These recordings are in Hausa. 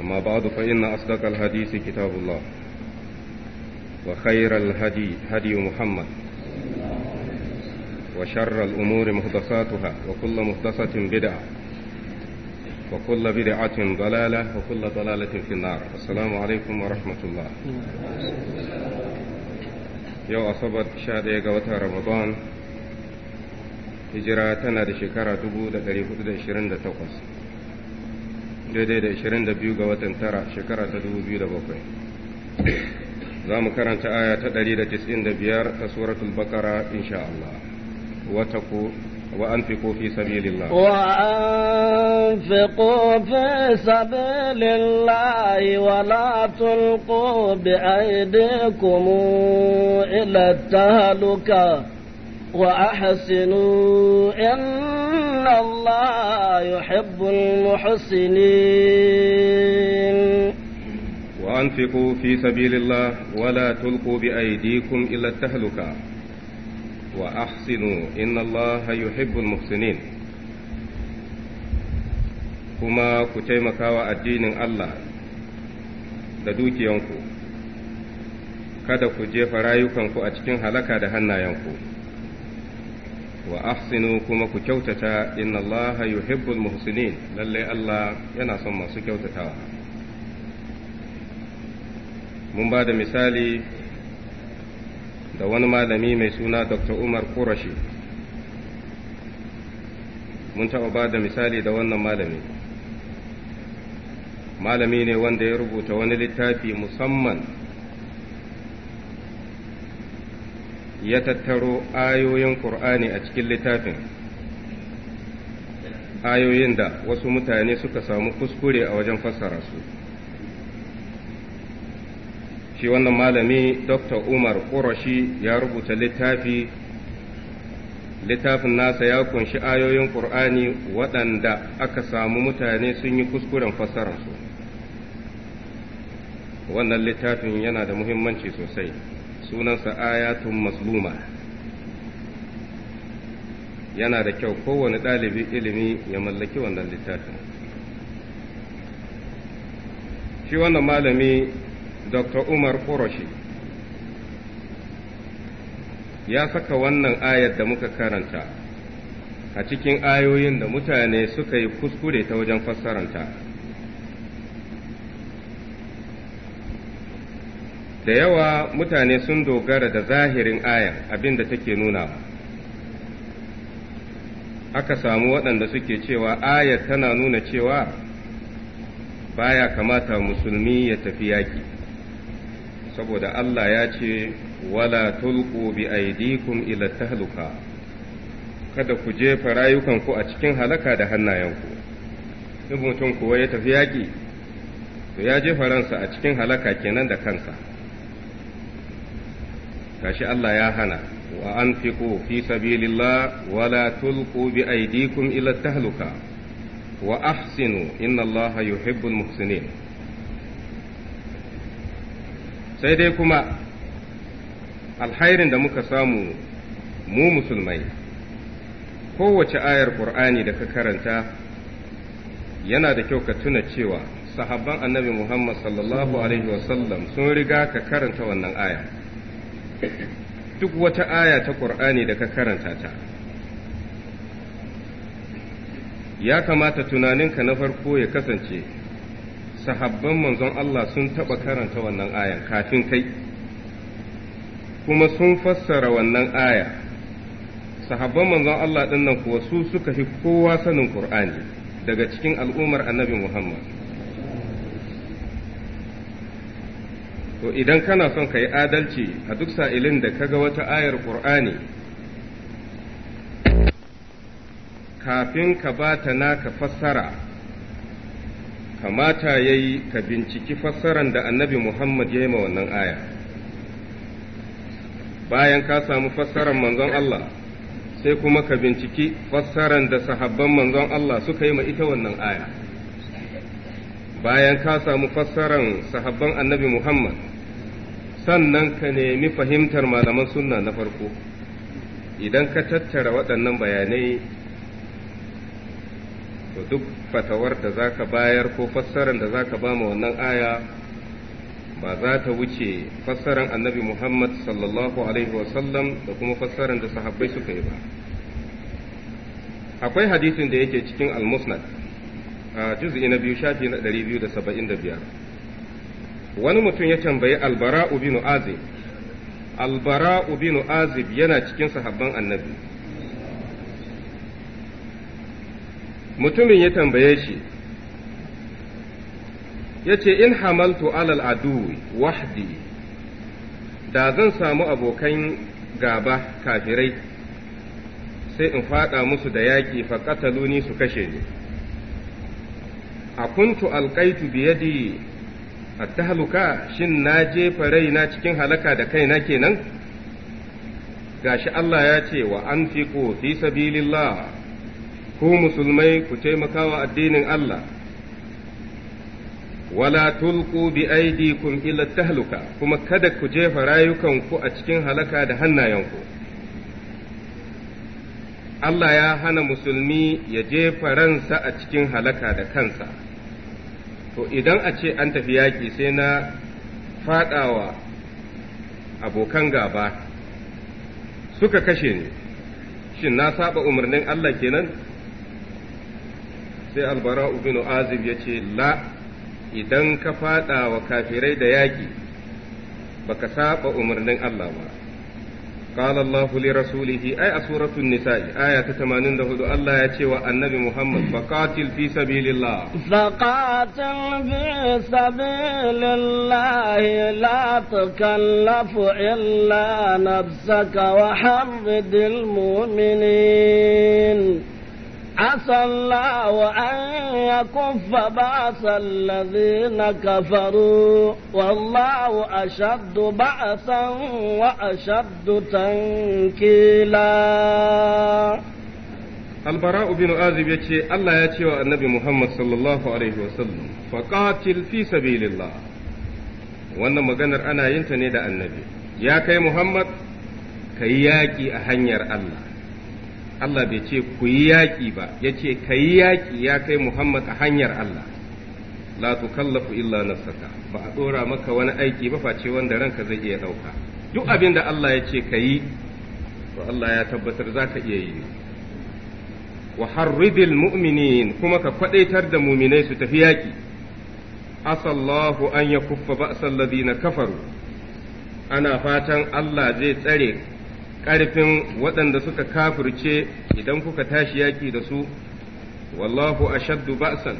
أما بعد فإن أصدق الحديث كتاب الله وخير الهدي هدي محمد وشر الأمور محدثاتها وكل محدثة بدعة وكل بدعة ضلالة وكل ضلالة في النار السلام عليكم ورحمة الله يو أصبت شادية قوتها رمضان hijira tana da shekara 1428 daidai da 22 ga watan tara shekara ta 2007 za mu karanta aya ta 195 ta suratul bakara insha Allah wata ku wa an fi وأنفقوا في سبيل الله وأنفقوا في wa الله ولا تلقوا بأيديكم إلى التهلكة وأحسنوا إن الله يحب المحسنين وأنفقوا في سبيل الله ولا تلقوا بأيديكم إلى التهلكة وأحسنوا إن الله يحب المحسنين kuma ku taimaka wa addinin Allah da dukiyanku kada ku jefa rayukanku a cikin halaka da hannayenku. wa ahsinu kuma ku kyautata inna allaha yuhibbul muhsinin lalle Allah yana son masu kyautatawa mun ba da misali da wani malami mai suna Dr. Umar Qurashi mun taɓa ba da misali da wannan malami malami ne wanda ya rubuta wani littafi musamman ya tattaro ayoyin ƙur'ani a cikin littafin ayoyin da wasu mutane suka samu kuskure a wajen fassara su shi wannan malami dr umar ƙurashi ya rubuta littafi littafin nasa ya kunshi ayoyin ƙur'ani waɗanda aka samu mutane sun yi kuskuren fassararsu wannan littafin yana da muhimmanci sosai sunansa ayatun masluma yana da kyau kowane ɗalibi ilimi ya mallaki wannan littafin shi wannan malami dr umar ƙoroshi ya saka wannan ayar da muka karanta a cikin ayoyin da mutane suka yi kuskure ta wajen fassaranta. da yawa mutane sun dogara da zahirin Aya abin da take nuna aka samu waɗanda suke cewa aya tana nuna cewa baya kamata musulmi ya tafi yaƙi saboda Allah ya ce wala tulqu bi aidikum ila tahluka kada ku jefa rayukanku a cikin halaka da hannayenku in mutum kuwa ya tafi yaƙi to ya jefa ransa a cikin halaka kenan da kansa Kashi Allah ya hana wa anfiqu fi sabilillah wa la tulqu bi aydikum ila tahluka wa ahsinu inna Allaha yuhibbul muhsinin sai dai kuma alhairin da muka samu mu musulmai kowace ayar Qur'ani da ka karanta yana da kyau ka tuna cewa sahabban annabi Muhammad sallallahu alaihi wasallam sun riga ka karanta wannan aya duk wata aya ta ƙur'ani da ka karanta ta ya kamata tunaninka na farko ya kasance sahabban manzon Allah sun taɓa karanta wannan ayan kafin kai kuma sun fassara wannan aya sahabban manzon Allah ɗin nan kuwa su suka fi kowa sanin ƙur'ani daga cikin al'ummar annabi Muhammad to idan kana son ka yi adalci a duk sa'ilin da kaga wata ayar ƙur'ani kafin ka ba ta naka fassara kamata ya yi ka binciki fassaran da annabi muhammad ya yi ma wannan aya bayan ka samu fassaran manzon allah sai kuma ka binciki fassaran da sahabban manzon allah suka yi ma ita wannan aya bayan ka samu fassaran sahabban annabi Muhammad sannan ka nemi fahimtar malaman sunna na farko idan ka tattara waɗannan bayanai to duk fatawar da za ka bayar ko fassarar da za ka ba wannan aya ba za ta wuce fassarar annabi Muhammad sallallahu Alaihi wasallam da kuma fassarar da sahabbai suka yi ba akwai hadisin da yake cikin al-musnad a juz'i na biyu shafi na ɗari biyu da saba'in da biyar wani mutum ya tambayi albara ubinu azib albara ubinu azib yana cikin sahabban annabi mutumin ya tambaye shi ya ce in hamaltu alal adu wahdi da zan samu abokan gaba kafirai sai in faɗa musu da yaƙi fa faƙataluni su kashe ni a kuntu alkaitu biyadi at-tahluka shin na jefa raina cikin halaka da kaina kenan gashi Allah ya ce wa anfiqu fi sabilillah ku musulmai ku taimakawa addinin Allah wala tulqu bi aydikum ila tahluka kuma kada ku jefa rayukanku a cikin halaka da hannayenku Allah ya hana musulmi ya jefa ransa a cikin halaka da kansa to idan a ce an tafi yaƙi sai na faɗawa abokan gaba suka kashe ni shin na saba umarnin Allah kenan sai albara Ubinu azib ya ce la idan ka faɗawa kafirai da yaƙi baka saba umarnin Allah ba قال الله لرسوله أي سورة النساء آية 84 الله يتشوى النبي محمد فقاتل في سبيل الله فقاتل في سبيل الله لا تكلف إلا نفسك وحرد المؤمنين عسى الله أن يكف بأس الذين كفروا والله أشد بأسا وأشد تنكيلا البراء بن آذب يتي الله يتي النبي محمد صلى الله عليه وسلم فقاتل في سبيل الله wannan maganar ana yin ta ne da annabi ya kai muhammad ka yi yaƙi a hanyar allah Allah bai ce ku yi yaƙi ba ya ce ka yi yaƙi ya kai Muhammad a hanyar Allah la kallafu illa nafsaka ba a ɗora maka wani aiki ba face wanda ranka zai iya ɗauka duk abin da Allah ya ce ka yi to Allah ya tabbatar za ka iya yi wa harridil mu'minin kuma ka kwadaitar da muminai su tafi yaƙi asallahu an ba ba'sal ladina kafaru ana fatan Allah zai tsare Karfin waɗanda suka kafirce idan kuka tashi yaƙi da su wallahu ashaddu ba'san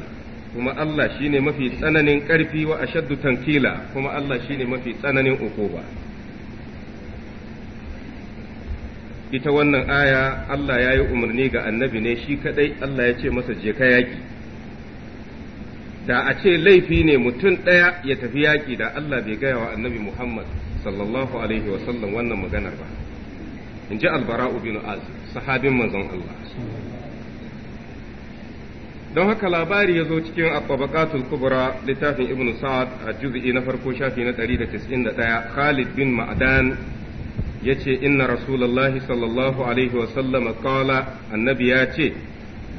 kuma Allah shine mafi tsananin ƙarfi wa ashaddu tankila kuma Allah shine mafi tsananin ukuba ita wannan aya Allah ya yi umarni ga annabi ne shi kaɗai Allah ya ce masa je ka yaƙi da a ce laifi ne mutum ɗaya ya tafi yaƙi da Allah bai gaya wa annabi Muhammad sallallahu alaihi wasallam wannan maganar ba in ji albara'u bin azib sahabin manzon Allah don haka labari ya zo cikin at kubra littafin ibnu sa'ad a juz'i na farko shafi na 191 Khalid bin Ma'dan yace inna rasulullahi sallallahu alaihi wa sallam annabi ya ce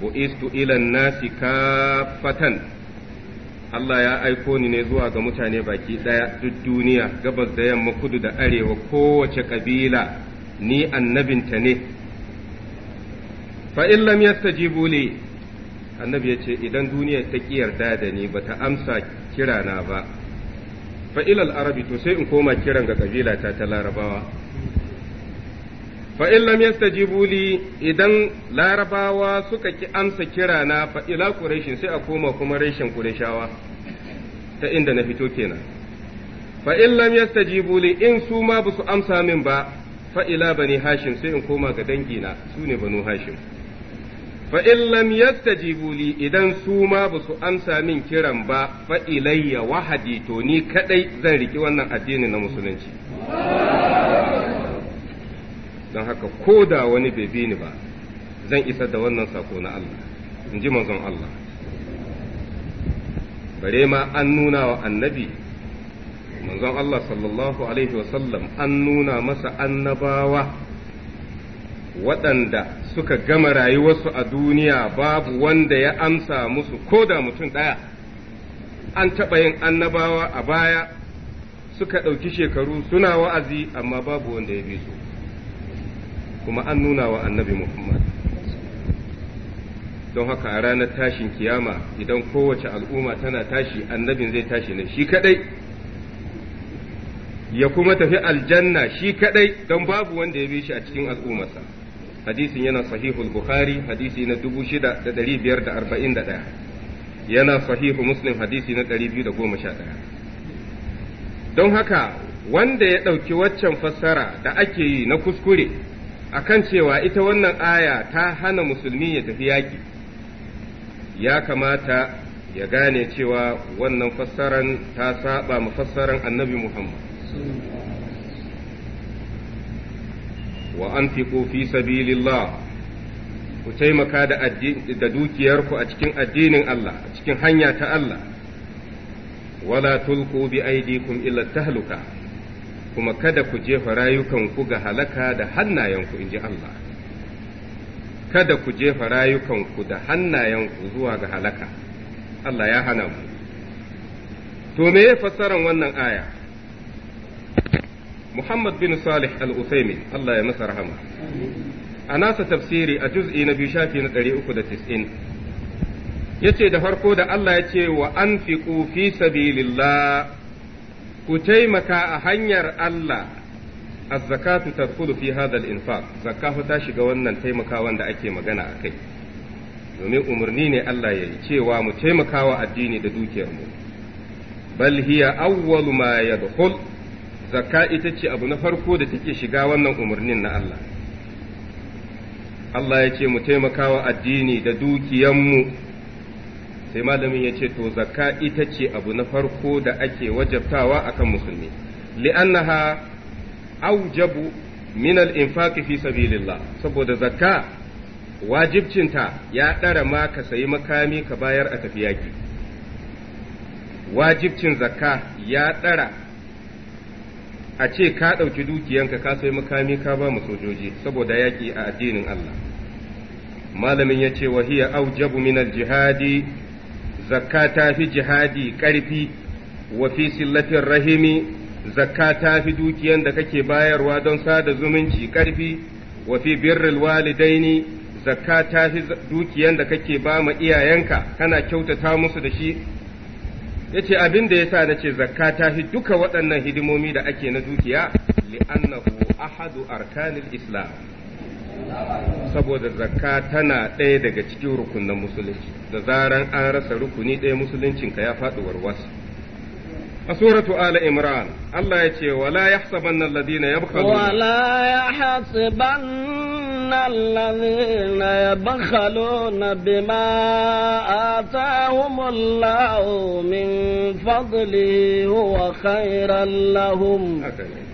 bu'istu ilan nasi kafatan Allah ya aiko ni ne zuwa ga mutane baki daya duk duniya gabas da yamma kudu da arewa kowace kabila ni annabinta ne fa'in lam yastajibu li annabi ya ce idan duniya ta ƙi yarda da ni ba ta amsa kirana ba fa'ilal arabi to sai in koma kiran ga ƙabila ta ta larabawa fa'in lam yastajibu li idan larabawa suka ki amsa kirana fa'ila ƙureshin sai a koma kuma reshen ƙureshawa ta inda na fito kenan fa'in lam yastajibu li in su ma ba su amsa min ba fa'ila bani hashim sai in koma ga dangina su ne banu hashim fa'in lam yastajibu li idan su ma ba su amsa min kiran ba fa'ilayya wahadi to ni kadai zan riki wannan addini na musulunci don haka ko da wani bai bi ni ba zan isa da wannan sako na Allah in ji manzon Allah bare ma an nuna wa annabi manzon Allah sallallahu alaihi wasallam an nuna masa annabawa waɗanda suka gama rayuwarsu a duniya babu wanda ya amsa musu ko da mutum ɗaya an taɓa yin annabawa a baya suka ɗauki shekaru suna wa'azi amma babu wanda ya bi su kuma an nuna wa annabi Muhammad don haka a ranar tashin kiyama idan kowace al'umma tana tashi annabin zai tashi ne shi kaɗai ya kuma tafi aljanna shi kadai don babu wanda ya bi shi a cikin al'ummarsa hadisin yana sahihul bukhari hadisi na 6541 yana sahihu muslim hadisi na 211 don haka wanda ya ɗauki waccan fassara da ake yi na kuskure akan cewa ita wannan aya ta hana musulmi ya tafi yaƙi ya kamata ya gane cewa wannan fassaran ta saba mafassaran annabi Muhammad wa anfiqu fi sabilillah ku taimaka da da dukiyarku a cikin addinin Allah a cikin hanya ta Allah wala tulqu bi aydikum illa tahluka kuma kada ku jefa ku ga halaka da hannayenku inji Allah kada ku jefa rayukanku da ku zuwa ga halaka Allah ya hana mu to me fassaran wannan aya Muhammad bin Salih al-Uthaymin Allah ya masa rahama a nasa tafsiri a juz'i na biyu shafi na 390 yace da farko da Allah ya ce wa anfiqu fi sabilillah ku taimaka a hanyar Allah az-zakatu tadkhulu fi hadha al-infaq zakka ta shiga wannan taimakawa da ake magana kai. domin umarni ne Allah ya yi cewa mu taimakawa addini da dukiyarmu bal hiya awwalu ya yadkhul zakka ita ce abu na farko da take shiga wannan umarnin na Allah Allah ya ce mu taimakawa addini da dukiyanmu sai malamin ya ce to zakka ita ce abu na farko da ake wajabtawa akan musulmi li'annaha aujabu min al-infaq fi sabilillah saboda zakka wajibcinta ya ɗara ma ka sayi makami ka bayar a tafiyaki wajibcin zakka ya ɗara a ce ka ɗauki dukiyanka ka sai makami ka ba mu sojoji saboda yaƙi a addinin Allah malamin ya ce wa hiya aujabu min jihadi zakka ta fi jihadi ƙarfi wa fi sillatin rahimi zakka ta fi dukiyan da kake bayarwa don sada zumunci karfi wa fi birrul walidaini zakka ta fi dukiyan da kake ba ma iyayenka kana kyautata musu da shi ya ce abin da ya sa na ce zakka ta fi duka waɗannan hidimomi da ake na dukiya li'annahu ahadu arkanil islam saboda zakka tana ɗaya daga cikin rukunan musulunci da zaran an rasa rukuni ɗaya musuluncinka ya faɗi warwas a suratu ala imran Allah ya ce wala yahsabanna alladhina yabkhalu wala yahsabanna إن الذين يبخلون بما آتاهم الله من فضله هو خيرا لهم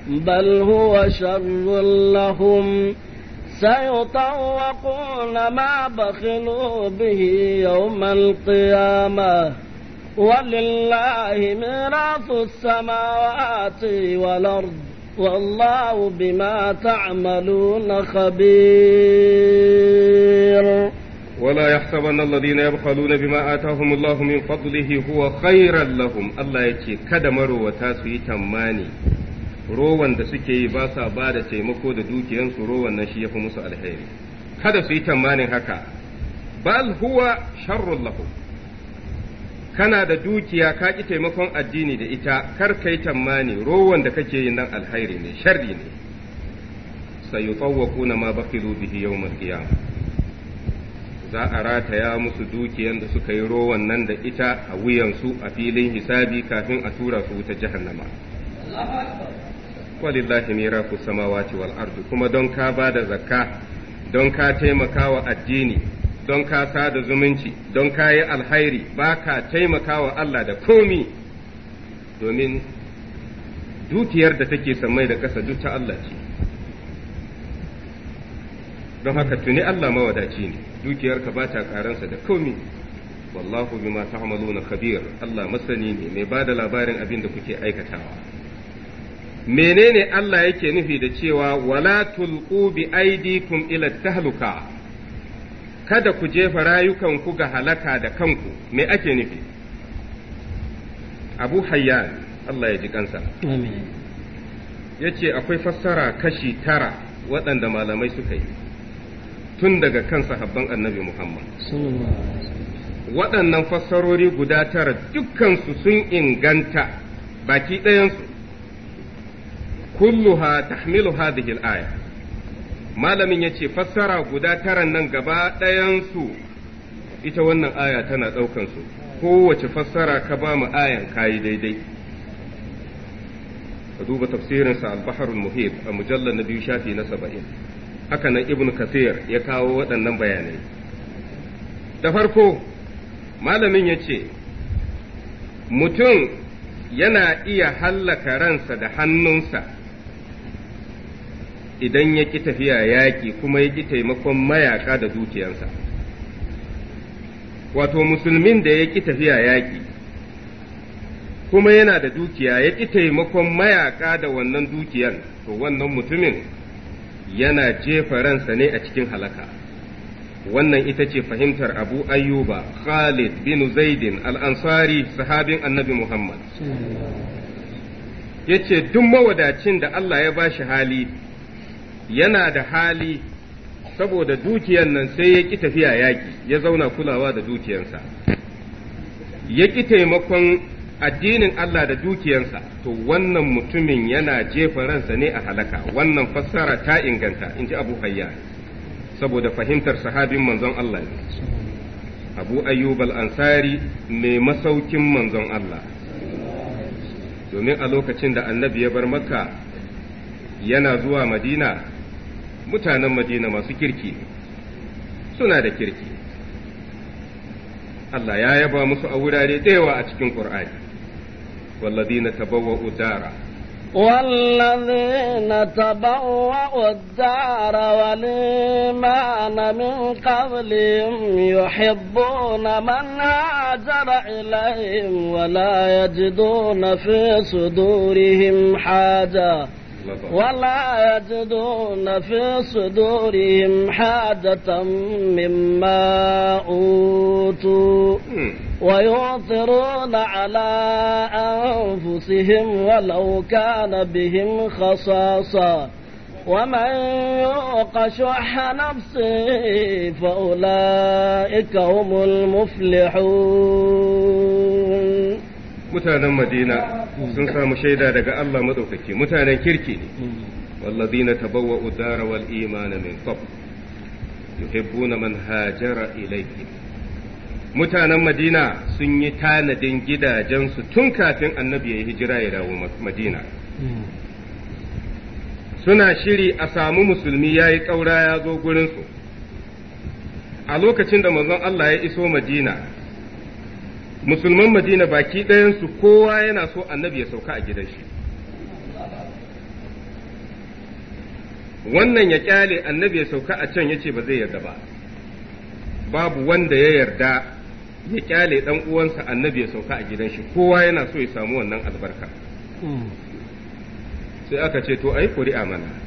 بل هو شر لهم سيطوقون ما بخلوا به يوم القيامة ولله ميراث السماوات والأرض والله بما تعملون خبير ولا يحسبن الذين يبخلون بما آتاهم الله من فضله هو خيرا لهم الله يتي kada marowata su yi tammani rowan da suke yi ba sa ba da taimako da dukiyansu rowan nan shi ya fi musu alheri kada su yi tammanin haka bal huwa sharrun lahum kana da dukiya ka ki taimakon addini da ita kar kai tammani rowan da kake yin nan alhairi ne sharri ne sayutawwaquna ma bakilu bihi yawmal qiyamah za a rataya musu dukiyan da suka yi rowan nan da ita a wuyansu a filin hisabi kafin a tura su ta jahannama walillahi miraku samawati wal ardi kuma don ka ba da zakka don ka taimakawa addini don ka da zumunci don ka yi alhairi ba ka taimakawa Allah da komi domin dukiyar da take samai da ƙasa duk ta Allah ce don haka tuni Allah mawadaci ne dukiyarka ba ta karansa da komi wallahu bima ta'maluna khabir Allah masani ne mai bada labarin abin da kuke aikatawa menene Allah yake nufi da cewa wala tulqu bi aidikum ila tahluka kada ku jefa rayukanku ga halaka da kanku me ake nufi abu hayyan Allah ya ji kansa ya ce akwai fassara kashi tara waɗanda malamai suka yi tun daga kan sahabban annabi Muhammad waɗannan fassarori guda tara dukkansu sun inganta baki ɗayansu kulluha tahmilu hadhihi al-aya malamin ya ce fassara guda taran nan gaba ɗayansu ita wannan aya tana ɗaukansu kowace fassara ka ba mu ayan kayi daidai ka duba tafsirinsa al-baharul muhib a mujallar na biyu shafi na saba'in haka nan ibn kasir ya kawo waɗannan bayanai da farko malamin ya ce mutum yana iya hallaka ransa da hannunsa idan ya ƙi tafiya yaƙi kuma ya ƙi taimakon mayaƙa da dukiyansa wato musulmin da ya ƙi tafiya yaƙi kuma yana da dukiya ya ƙi taimakon mayaƙa da wannan dukiyan to wannan mutumin yana jefa ransa ne a cikin halaka wannan ita ce fahimtar abu ayyuba khalid bin zaidin al'ansari sahabin annabi muhammad yace ce duk mawadacin da allah ya ba shi hali yana da hali saboda dukiyan nan sai ya ƙi tafiya yaƙi ya zauna kulawa da dukiyarsa ya ƙi taimakon addinin Allah da dukiyarsa to wannan mutumin yana jefa ransa ne a halaka wannan fassara ta inganta in ji abu hayya saboda fahimtar sahabin manzon Allah ne abu ayyub al-ansari mai masaukin manzon Allah domin a lokacin da annabi ya bar makka yana zuwa madina mutanen madina masu kirki ne suna da kirki Allah ya yaba musu a wurare da yawa a cikin Qur'ani والذين تبوأوا الدار والذين تبوأوا الدار والإيمان من قبلهم يحبون من هاجر إليهم ولا يجدون في صدورهم حاجة ولا يجدون في صدورهم حاجة مما أوتوا ويؤثرون على أنفسهم ولو كان بهم خصاصة ومن يوق شح نفسه فأولئك هم المفلحون mutanen madina sun samu shaida daga Allah maɗaukaki mutanen kirki ne wallazina tabawwa'u dara wal imana min qabl yuhibbuna man hajara ilayhi mutanen madina sun yi tanadin gidajensu tun kafin annabi ya hijira ya dawo madina suna shiri a samu musulmi ya yi ƙaura ya zo gurinsu a lokacin da manzon Allah ya iso madina musulman madina baki ɗayansu kowa yana so annabi ya sauka a gidan shi wannan ya kyale annabi ya sauka a can ya ce ba zai yarda ba babu wanda ya yarda ya kyale ɗan uwansa annabi ya sauka a gidan shi kowa yana so ya samu wannan albarka hmm. sai aka ce to ai kuri'a mana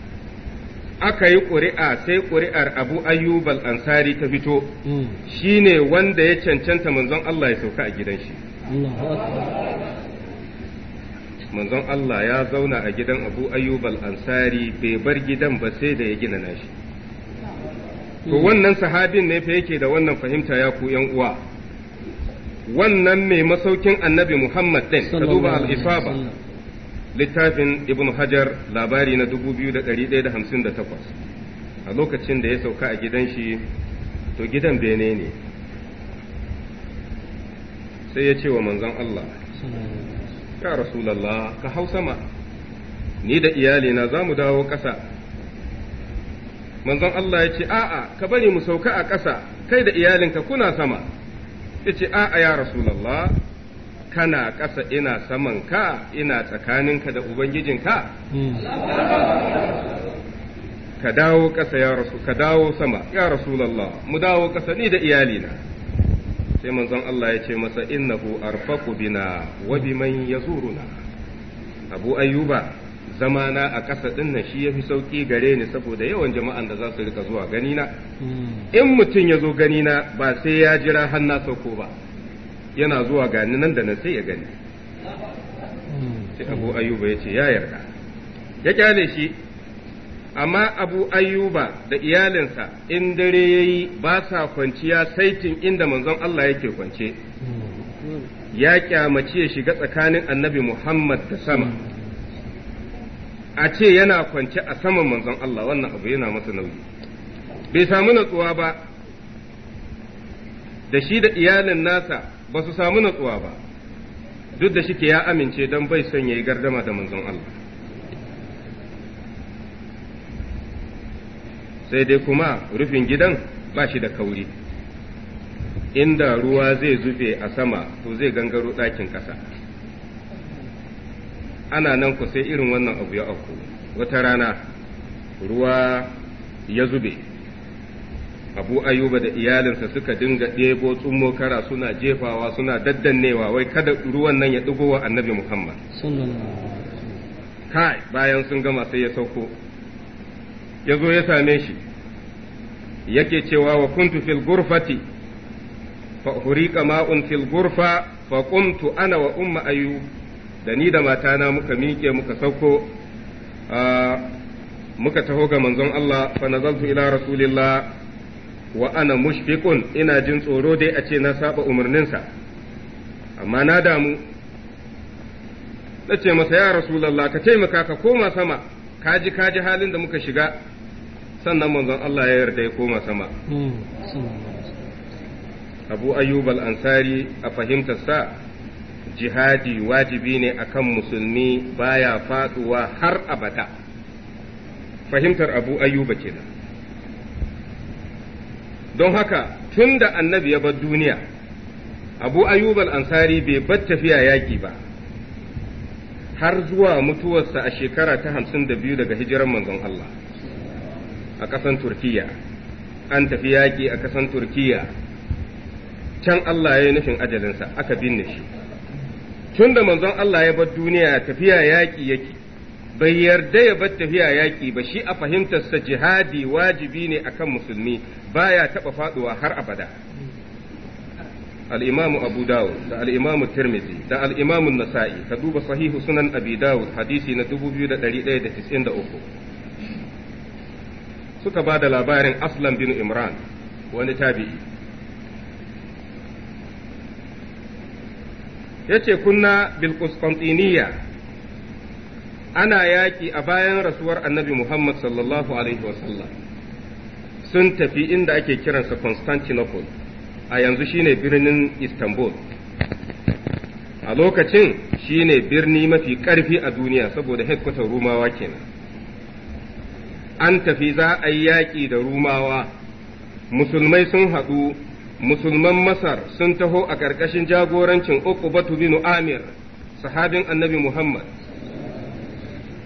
aka yi ƙuri'a sai ƙuri'ar abu ayyub ansari ta fito hmm. shine wanda ya cancanta manzon Allah ya sauka a gidan shi manzon Allah ya zauna a gidan abu ayyub ansari bai bar gidan ba sai da ya gina nashi to hmm. wannan sahabin ne fa yake da wannan fahimta ya ku yan uwa wannan mai masaukin annabi Muhammad ɗin ka duba al-isaba littafin ibn hajar labari na 2158 a lokacin da ya sauka a gidan shi to gidan bene ne sai ya ce wa manzon Allah ya rasulallah ka hau sama ni da iyalina za mu dawo ƙasa manzon Allah ya ce a'a ka bari mu sauka a ƙasa kai da iyalinka kuna sama ya ce a'a ya rasulallah kana ƙasa ina saman ka ina tsakaninka da ubangijinka ka dawo ƙasa ya rasu ka dawo sama ya rasulallah mu dawo ƙasa ni da iyalina sai manzon Allah ya ce masa innahu arfaqu bina wa biman yazuruna abu ayyuba zamana a ƙasa ɗin nan shi ya fi sauƙi gare ni saboda yawan jama'an da za su rika zuwa ganina hmm. in mutum ya zo ganina ba sai ya jira har na sauko ba yana zuwa gani nan da nan sai ya gani sai hmm. abu ayyuba ya ce ya yarda ya kyale shi amma abu ayyuba da iyalinsa in dare ya yi ba sa kwanciya saitin inda manzon Allah yake kwance hmm. ya kyamaci ya shiga tsakanin annabi Muhammad da sama a ce yana kwance a saman manzon Allah wannan abu yana masa nauyi bai samu natsuwa ba da shi da iyalin nasa ba su samu natsuwa ba duk da shike ya amince don bai son ya yi gardama da manzon Allah sai dai kuma rufin gidan ba shi da kauri inda ruwa zai zube a sama to zai gangaro ɗakin ƙasa ana nan ku sai irin wannan abu ya auku wata rana ruwa ya zube abu ayuba da iyalinsa suka dinga ɗebo tsummo kara suna jefawa suna daddannewa wai kada ruwan nan ya ɗigo wa annabi muhammad kai bayan sun gama sai ya sauko ya zo ya same shi yake cewa wa kuntu fil gurfati fa hurika ma'un fil gurfa fa kuntu ana wa umma ayu da ni da matana muka miƙe muka sauko ah, muka taho ga manzon Allah fa nazaltu ila rasulillah wa ana mushfiqun ina jin tsoro dai a ce na saba umarninsa amma na damu na ce masa ya rasulallah ka taimaka ka koma sama kaji kaji halin da muka shiga sannan manzon Allah ya yarda ya koma sama hmm. abu ayyub al-ansari a fahimtar sa jihadi wajibi ne akan musulmi baya faduwa har abada fahimtar abu ayyuba kenan don haka tun da annabi ya bar duniya abu ayyub ansari bai bar tafiya yaƙi ba har zuwa mutuwarsa a shekara ta hamsin da biyu daga hijiran manzon Allah a ƙasan Turkiya an tafi yaƙi a ƙasan Turkiya can Allah ya yi nufin ajalinsa aka binne shi tun da manzon Allah ya bar duniya tafiya yaƙi yake bai yarda ya bar tafiya yaƙi ba shi a fahimtarsa jihadi wajibi ne akan musulmi baya taɓa faɗuwa har abada الإمام أبو داود دا الإمام الترمذي دا الإمام النسائي كدوب صحيح سنن أبي داود حديثي ندوب بيو دا دليل دا تسعين دا أخو سكا بعد لابارن أصلا بن إمران ونتابعي yace kunna bil Qustantiniyya ana yaƙi a bayan rasuwar annabi Muhammad sallallahu Alaihi wasallam sun tafi inda ake kiransa Constantinople a yanzu shine birnin Istanbul. A lokacin shine birni mafi ƙarfi a duniya saboda headquarter Rumawa kenan. An tafi za a yi yaƙi da Rumawa, musulmai sun haɗu, musulman Masar sun taho a ƙarƙashin jagorancin Uqbatu bin Amir, sahabin annabi Muhammad.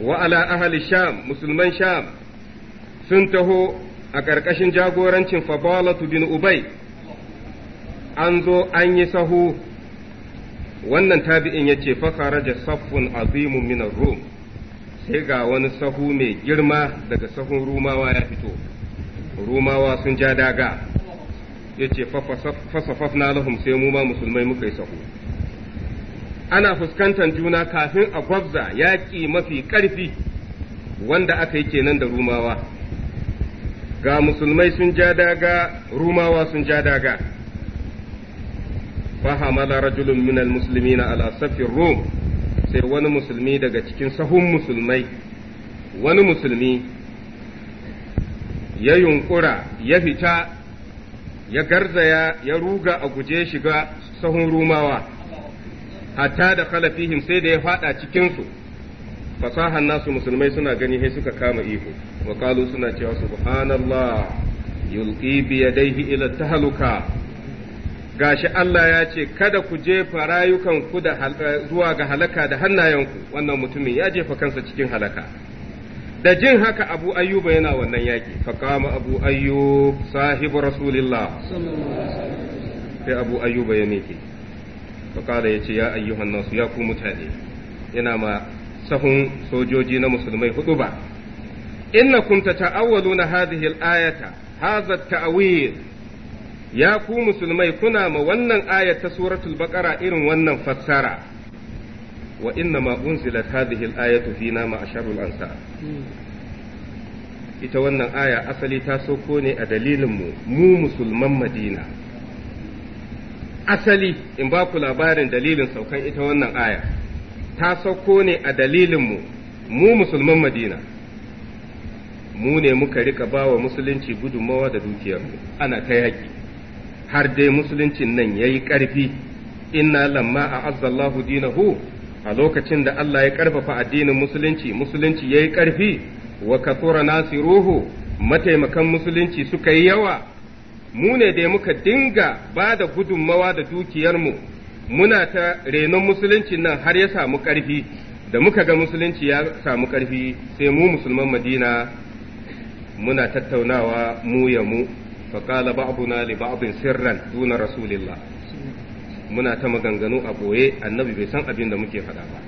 wa ala ahli sham musulman sham sun taho a ƙarƙashin jagorancin fabalatu bin ubay an zo an yi sahu wannan tabi'in ya ce fakaraja saffun azimun minar rum sai ga wani sahu mai girma daga sahun rumawa ya fito rumawa sun ja daga ya ce fasafafna lahum sai mu ma musulmai muka yi sahu ana fuskantar juna kafin a gwabza yaƙi mafi ƙarfi wanda aka yi kenan da rumawa ga musulmai sun ja daga rumawa sun ja daga fahamala rajulun minal musulmi na alasafin rum sai wani musulmi daga cikin sahun musulmai wani musulmi ya yunkura ya fita ya garzaya ya ruga a guje shiga sahun rumawa hatta da khalafihim sai da ya fada cikin su fasahan nasu musulmai suna gani sai suka kama iko wa qalu suna cewa subhanallah yulqi bi yadayhi ila tahluka gashi Allah ya ce kada ku jefa rayukanku da zuwa ga halaka da hannayenku wannan mutumin ya jefa kansa cikin halaka da jin haka abu ayyuba yana wannan yaki faqama abu ayyub sahibu rasulillah sai abu ayyuba ya miƙe fakala ya ce ya ayyuhan nasu ya ku mutane yana ma sahun sojoji na musulmai hudu ba kunta tata'awwaluna hadhihi al-ayata hadha tawil ya ku musulmai kuna ma wannan ayat ta suratul baqara irin wannan fassara wa inna ma unzilat hadhihi al-ayatu fina ma asharul ansar ita wannan aya asali ta sauko ne a dalilin mu mu musulman madina asali in ba ku labarin dalilin saukan ita wannan aya ta sauko ne a dalilinmu mu musulman madina mu ne muka rika ba wa musulunci gudunmawa da dukiyarmu ana ta yaƙi har dai musuluncin nan ya yi ƙarfi inna lamma a azzallahu dinahu a lokacin da Allah ya ƙarfafa addinin musulunci musulunci ya yi ƙarfi wa kasura nasiruhu mataimakan musulunci suka yi yawa mu ne dai muka dinga ba da gudunmawa da dukiyarmu muna ta renon musulunci nan har ya samu ƙarfi da muka ga musulunci ya samu ƙarfi sai mu musulman madina muna tattaunawa mu ya mu faƙala ba'duna li ba'din sirran duna rasulillah muna ta maganganu a ɓoye annabi bai san abin da muke faɗa ba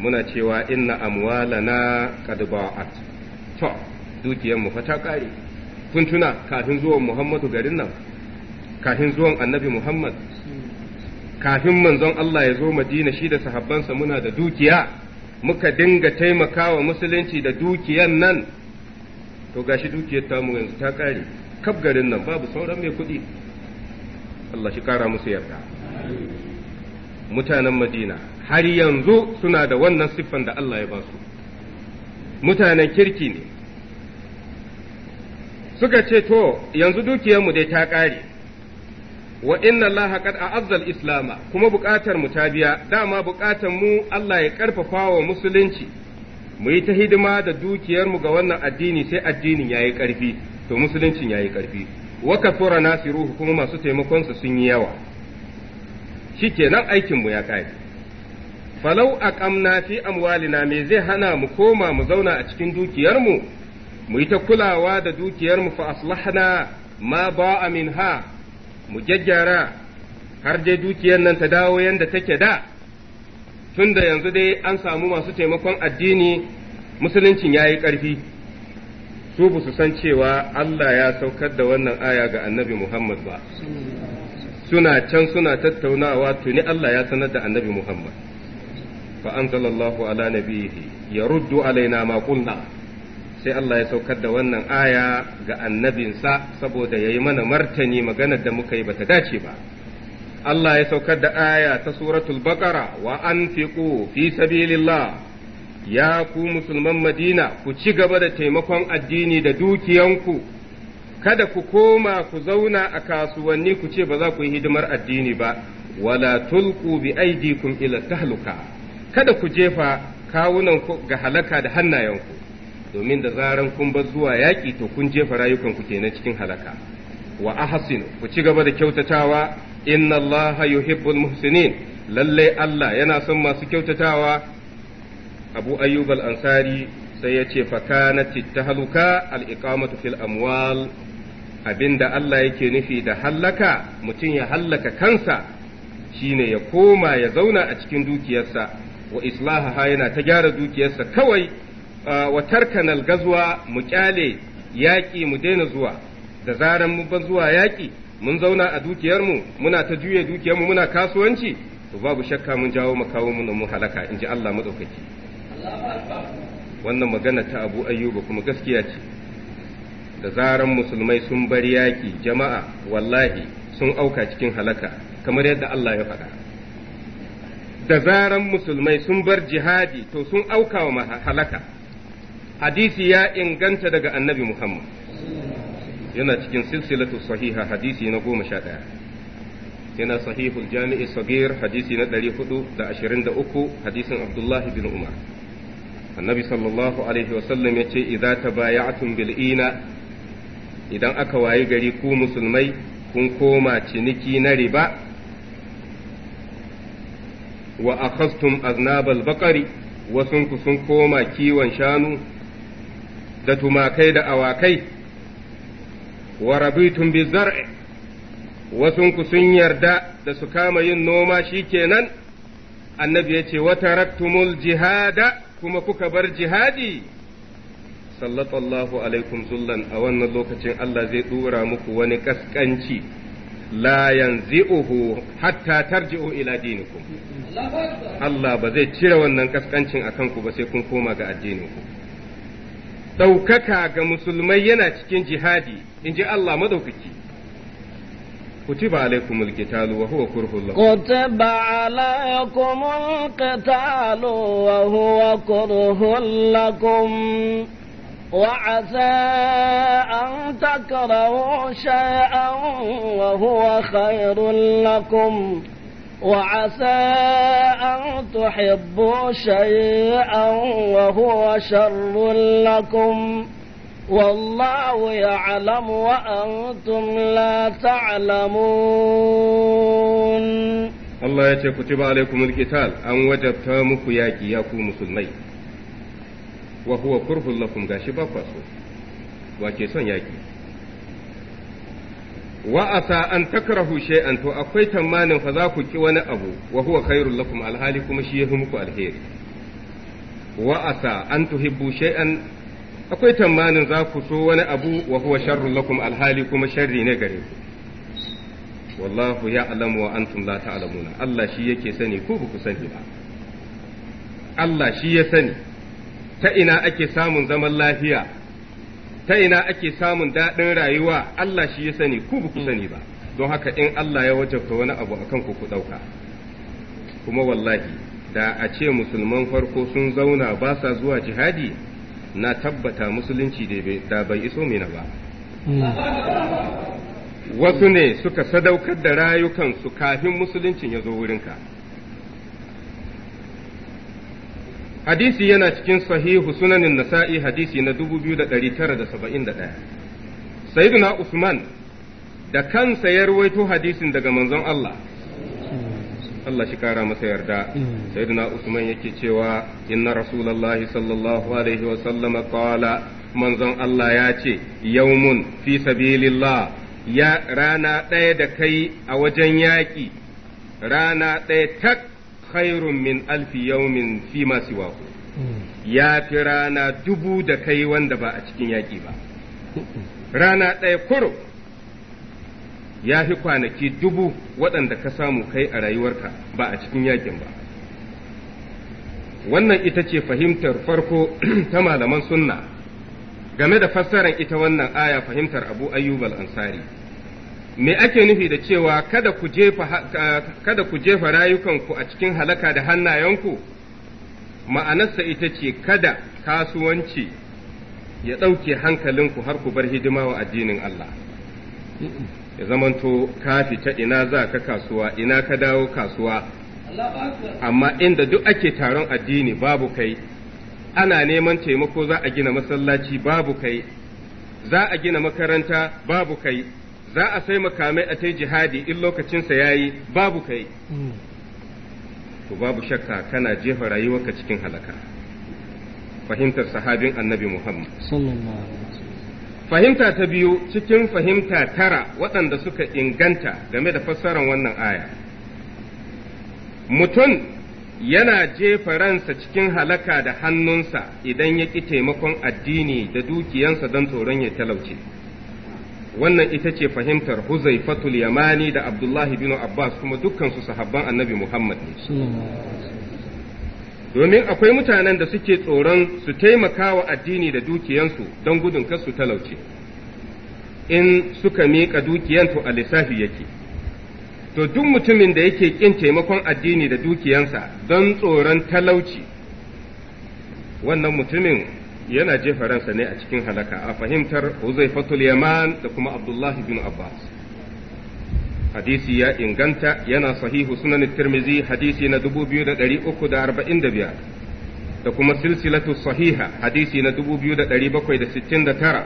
muna cewa inna amwalana qad ba'at to dukiyarmu fa ta ƙare kun tuna kafin zuwan Muhammadu garin nan kafin zuwan annabi Muhammad kafin manzon Allah ya zo Madina shi da sahabbansa muna da dukiya muka dinga taimakawa musulunci da dukiyan nan to gashi dukiyar tamu yanzu ta kare kaf garin nan babu sauran mai kuɗi Allah shi kara musu yarda mutanen Madina har yanzu suna da wannan siffan da Allah ya ba su mutanen kirki ne suka ce to yanzu dukiyarmu dai ta ƙare wa inna Allah qad a'azzal islama kuma buƙatar mu ta biya dama buƙatar mu Allah ya ƙarfafa wa musulunci mu yi ta hidima da dukiyarmu ga wannan addini sai addinin yayi karfi to musuluncin yayi ƙarfi wa kathura nasiruhu kuma masu taimakon su sun yi yawa shikenan aikin mu ya ƙare falau aqamna fi amwalina me zai hana mu koma mu zauna a cikin dukiyar mu mu yi ta kulawa da dukiyarmu fa aslahna ma ba'a minha mu gyaggyara har dai dukiyar nan ta dawo yanda take da tunda yanzu dai an samu masu taimakon addini musuluncin ya yi ƙarfi su bu su san cewa Allah ya saukar da wannan aya ga annabi Muhammad ba suna can suna tattaunawa tuni Allah ya sanar da annabi Muhammad fa anzalallahu ala nabihi ruddu alaina ma qulna sai Allah ya saukar da wannan aya ga annabinsa saboda ya yi mana martani maganar da muka yi bata dace ba Allah ya saukar da aya ta suratul baqara wa an fi sabilillah ya ku musulman Madina ku ci gaba da taimakon addini da dukiyanku kada ku koma ku zauna a kasuwanni ku ce ba za ku yi hidimar addini ba wala tulku bi aidikum ila tahluka kada ku jefa kawunan ga halaka da hannayenku domin da zaran kun bar zuwa yaƙi to kun jefa rayukanku kenan cikin halaka wa ahsinu ku ci gaba da kyautatawa inna allaha yuhibbul muhsinin lalle Allah yana son masu kyautatawa abu ayyub al-ansari sai ya ce fakanatit tahluka al-iqamatu fil amwal abinda Allah yake nufi da hallaka mutum ya hallaka kansa shine ya koma ya zauna a cikin dukiyarsa wa islahaha yana ta gyara dukiyarsa kawai wa tarkanal gazwa mu kyale yaƙi mu daina zuwa da zaran mu ban zuwa yaƙi mun zauna a dukiyarmu muna ta juya dukiyarmu muna kasuwanci to babu shakka mun jawo makawo mun mu halaka inji Allah madaukaki wannan magana ta Abu Ayyuba kuma gaskiya ce da zaran musulmai sun bar yaƙi jama'a wallahi sun auka cikin halaka kamar yadda Allah ya faɗa da zaran musulmai sun bar jihadi to sun auka wa halaka hadisi ya inganta daga annabi Muhammad yana cikin silsilatu sahiha hadisi na goma sha ɗaya yana sahihul jami'i sagir hadisi na ɗari hudu da ashirin da uku hadisin abdullahi bin umar annabi sallallahu alaihi wasallam ya ce idan ta bil bil'ina idan aka wayi gari ku musulmai kun koma ciniki na riba wa akhastum aznabal baqari wasunku sun koma kiwon shanu da tumakai da awakai wa rabitun bi zar'i wasunku sun yarda da su kama yin noma shikenan annabi ya ce wa taraktumul jihada kuma kuka bar jihadi sallallahu alaikum zullan a wannan lokacin Allah zai dura muku wani kaskanci la uhu, hatta tarji'u ila dinikum Allah ba zai cire wannan kaskancin akan ku ba sai kun koma ga addininku ɗaukaka ga musulmai yana cikin jihadi in ji Allah madaukaki كتب عليكم القتال وهو كره لكم كتب عليكم القتال وهو كره لكم وعسى أن تكرهوا شيئا وهو خير لكم وعسى أن تحبوا شيئا وهو شر لكم والله يعلم وأنتم لا تعلمون الله يتي كتب عليكم القتال أن وجبت مكو ياكي ياكو مسلمي وهو كره لكم غاشبا فاسو وكي سن ياكي wa asa an takrahu shay'an to akwai tamanin fa za ku ki wani abu wa huwa khairul lakum alhali kuma shi yafi muku alheri wa asa an tuhibbu shay'an akwai tamanin za ku so wani abu wa huwa sharrul lakum alhali kuma sharri ne gare ku wallahu ya'lamu wa antum la ta'lamuna Allah shi yake sani ku ba ku sani ba Allah shi ya sani ta ina ake samun zaman lafiya ta ina ake samun daɗin rayuwa Allah shi ya sani ku ku hmm. sani ba don haka in Allah ya wajabta wani abu a kanku ku ɗauka kuma wallahi da a ce musulman farko sun zauna ba sa zuwa jihadi na tabbata musulunci da bai iso mina ba hmm. wasu ne suka sadaukar da rayukan su kafin musuluncin ya zo wurinka hadisi yana cikin sahihu sunanin nasa'i hadisi na 2971 sayyiduna usman da kansa ya ruwaito hadisin daga manzon Allah Allah shi kara masa yarda sayyiduna usman yake cewa inna rasulullahi sallallahu alaihi wa sallama qala manzon Allah ya ce yaumun fi sabilillah ya rana ɗaya da kai a wajen yaƙi rana ɗaya tak khairun min alfi yawmin fi ma siwahu hmm. ya fi rana dubu da kai wanda ba a cikin yaƙi ba rana ɗaya kuro ya fi kwanaki dubu waɗanda ka samu kai a rayuwarka ba a cikin yaƙin ba wannan ita ce fahimtar farko ta malaman sunna game da fassarar ita wannan aya fahimtar abu ayyub al-ansari me ake nufi da cewa kada ku jefa kada ku jefa rayukanku a cikin halaka da hannayenku ma'anarsa ita ce kada kasuwanci ya ɗauke hankalinku har ku bar hidima wa addinin Allah ya zamanto ka fita ina za ka kasuwa ina ka dawo kasuwa amma inda duk ake taron addini babu kai ana neman taimako za a gina masallaci babu kai za a gina makaranta babu kai za a sai makamai a tai jihadi in lokacinsa ya yi babu kai hmm. to babu shakka kana jefa rayuwarka cikin halaka fahimtar sahabin annabi muhammad fahimta ta biyu cikin fahimta tara waɗanda suka inganta game da fassarar wannan aya mutum yana jefa ransa cikin halaka da hannunsa idan ya ƙi taimakon addini da dukiyansa don tsoron ya talauce. wannan ita ce fahimtar huzaifatul yamani da abdullahi bin abbas kuma dukkansu sahabban annabi muhammad ne domin akwai mutanen da suke tsoron su taimaka wa addini da dukiyansu don gudun kasu su talauce in suka miƙa dukiyansu a lissafi yake to duk mutumin da yake ƙin taimakon addini da dukiyansa don tsoron talauci wannan mutumin yana jefa ransa ne a cikin halaka a fahimtar Huzaifatul Yaman da kuma Abdullah bin Abbas hadisi ya inganta yana sahihu sunan Tirmizi hadisi na 2345 da kuma silsilatu sahiha hadisi na 2769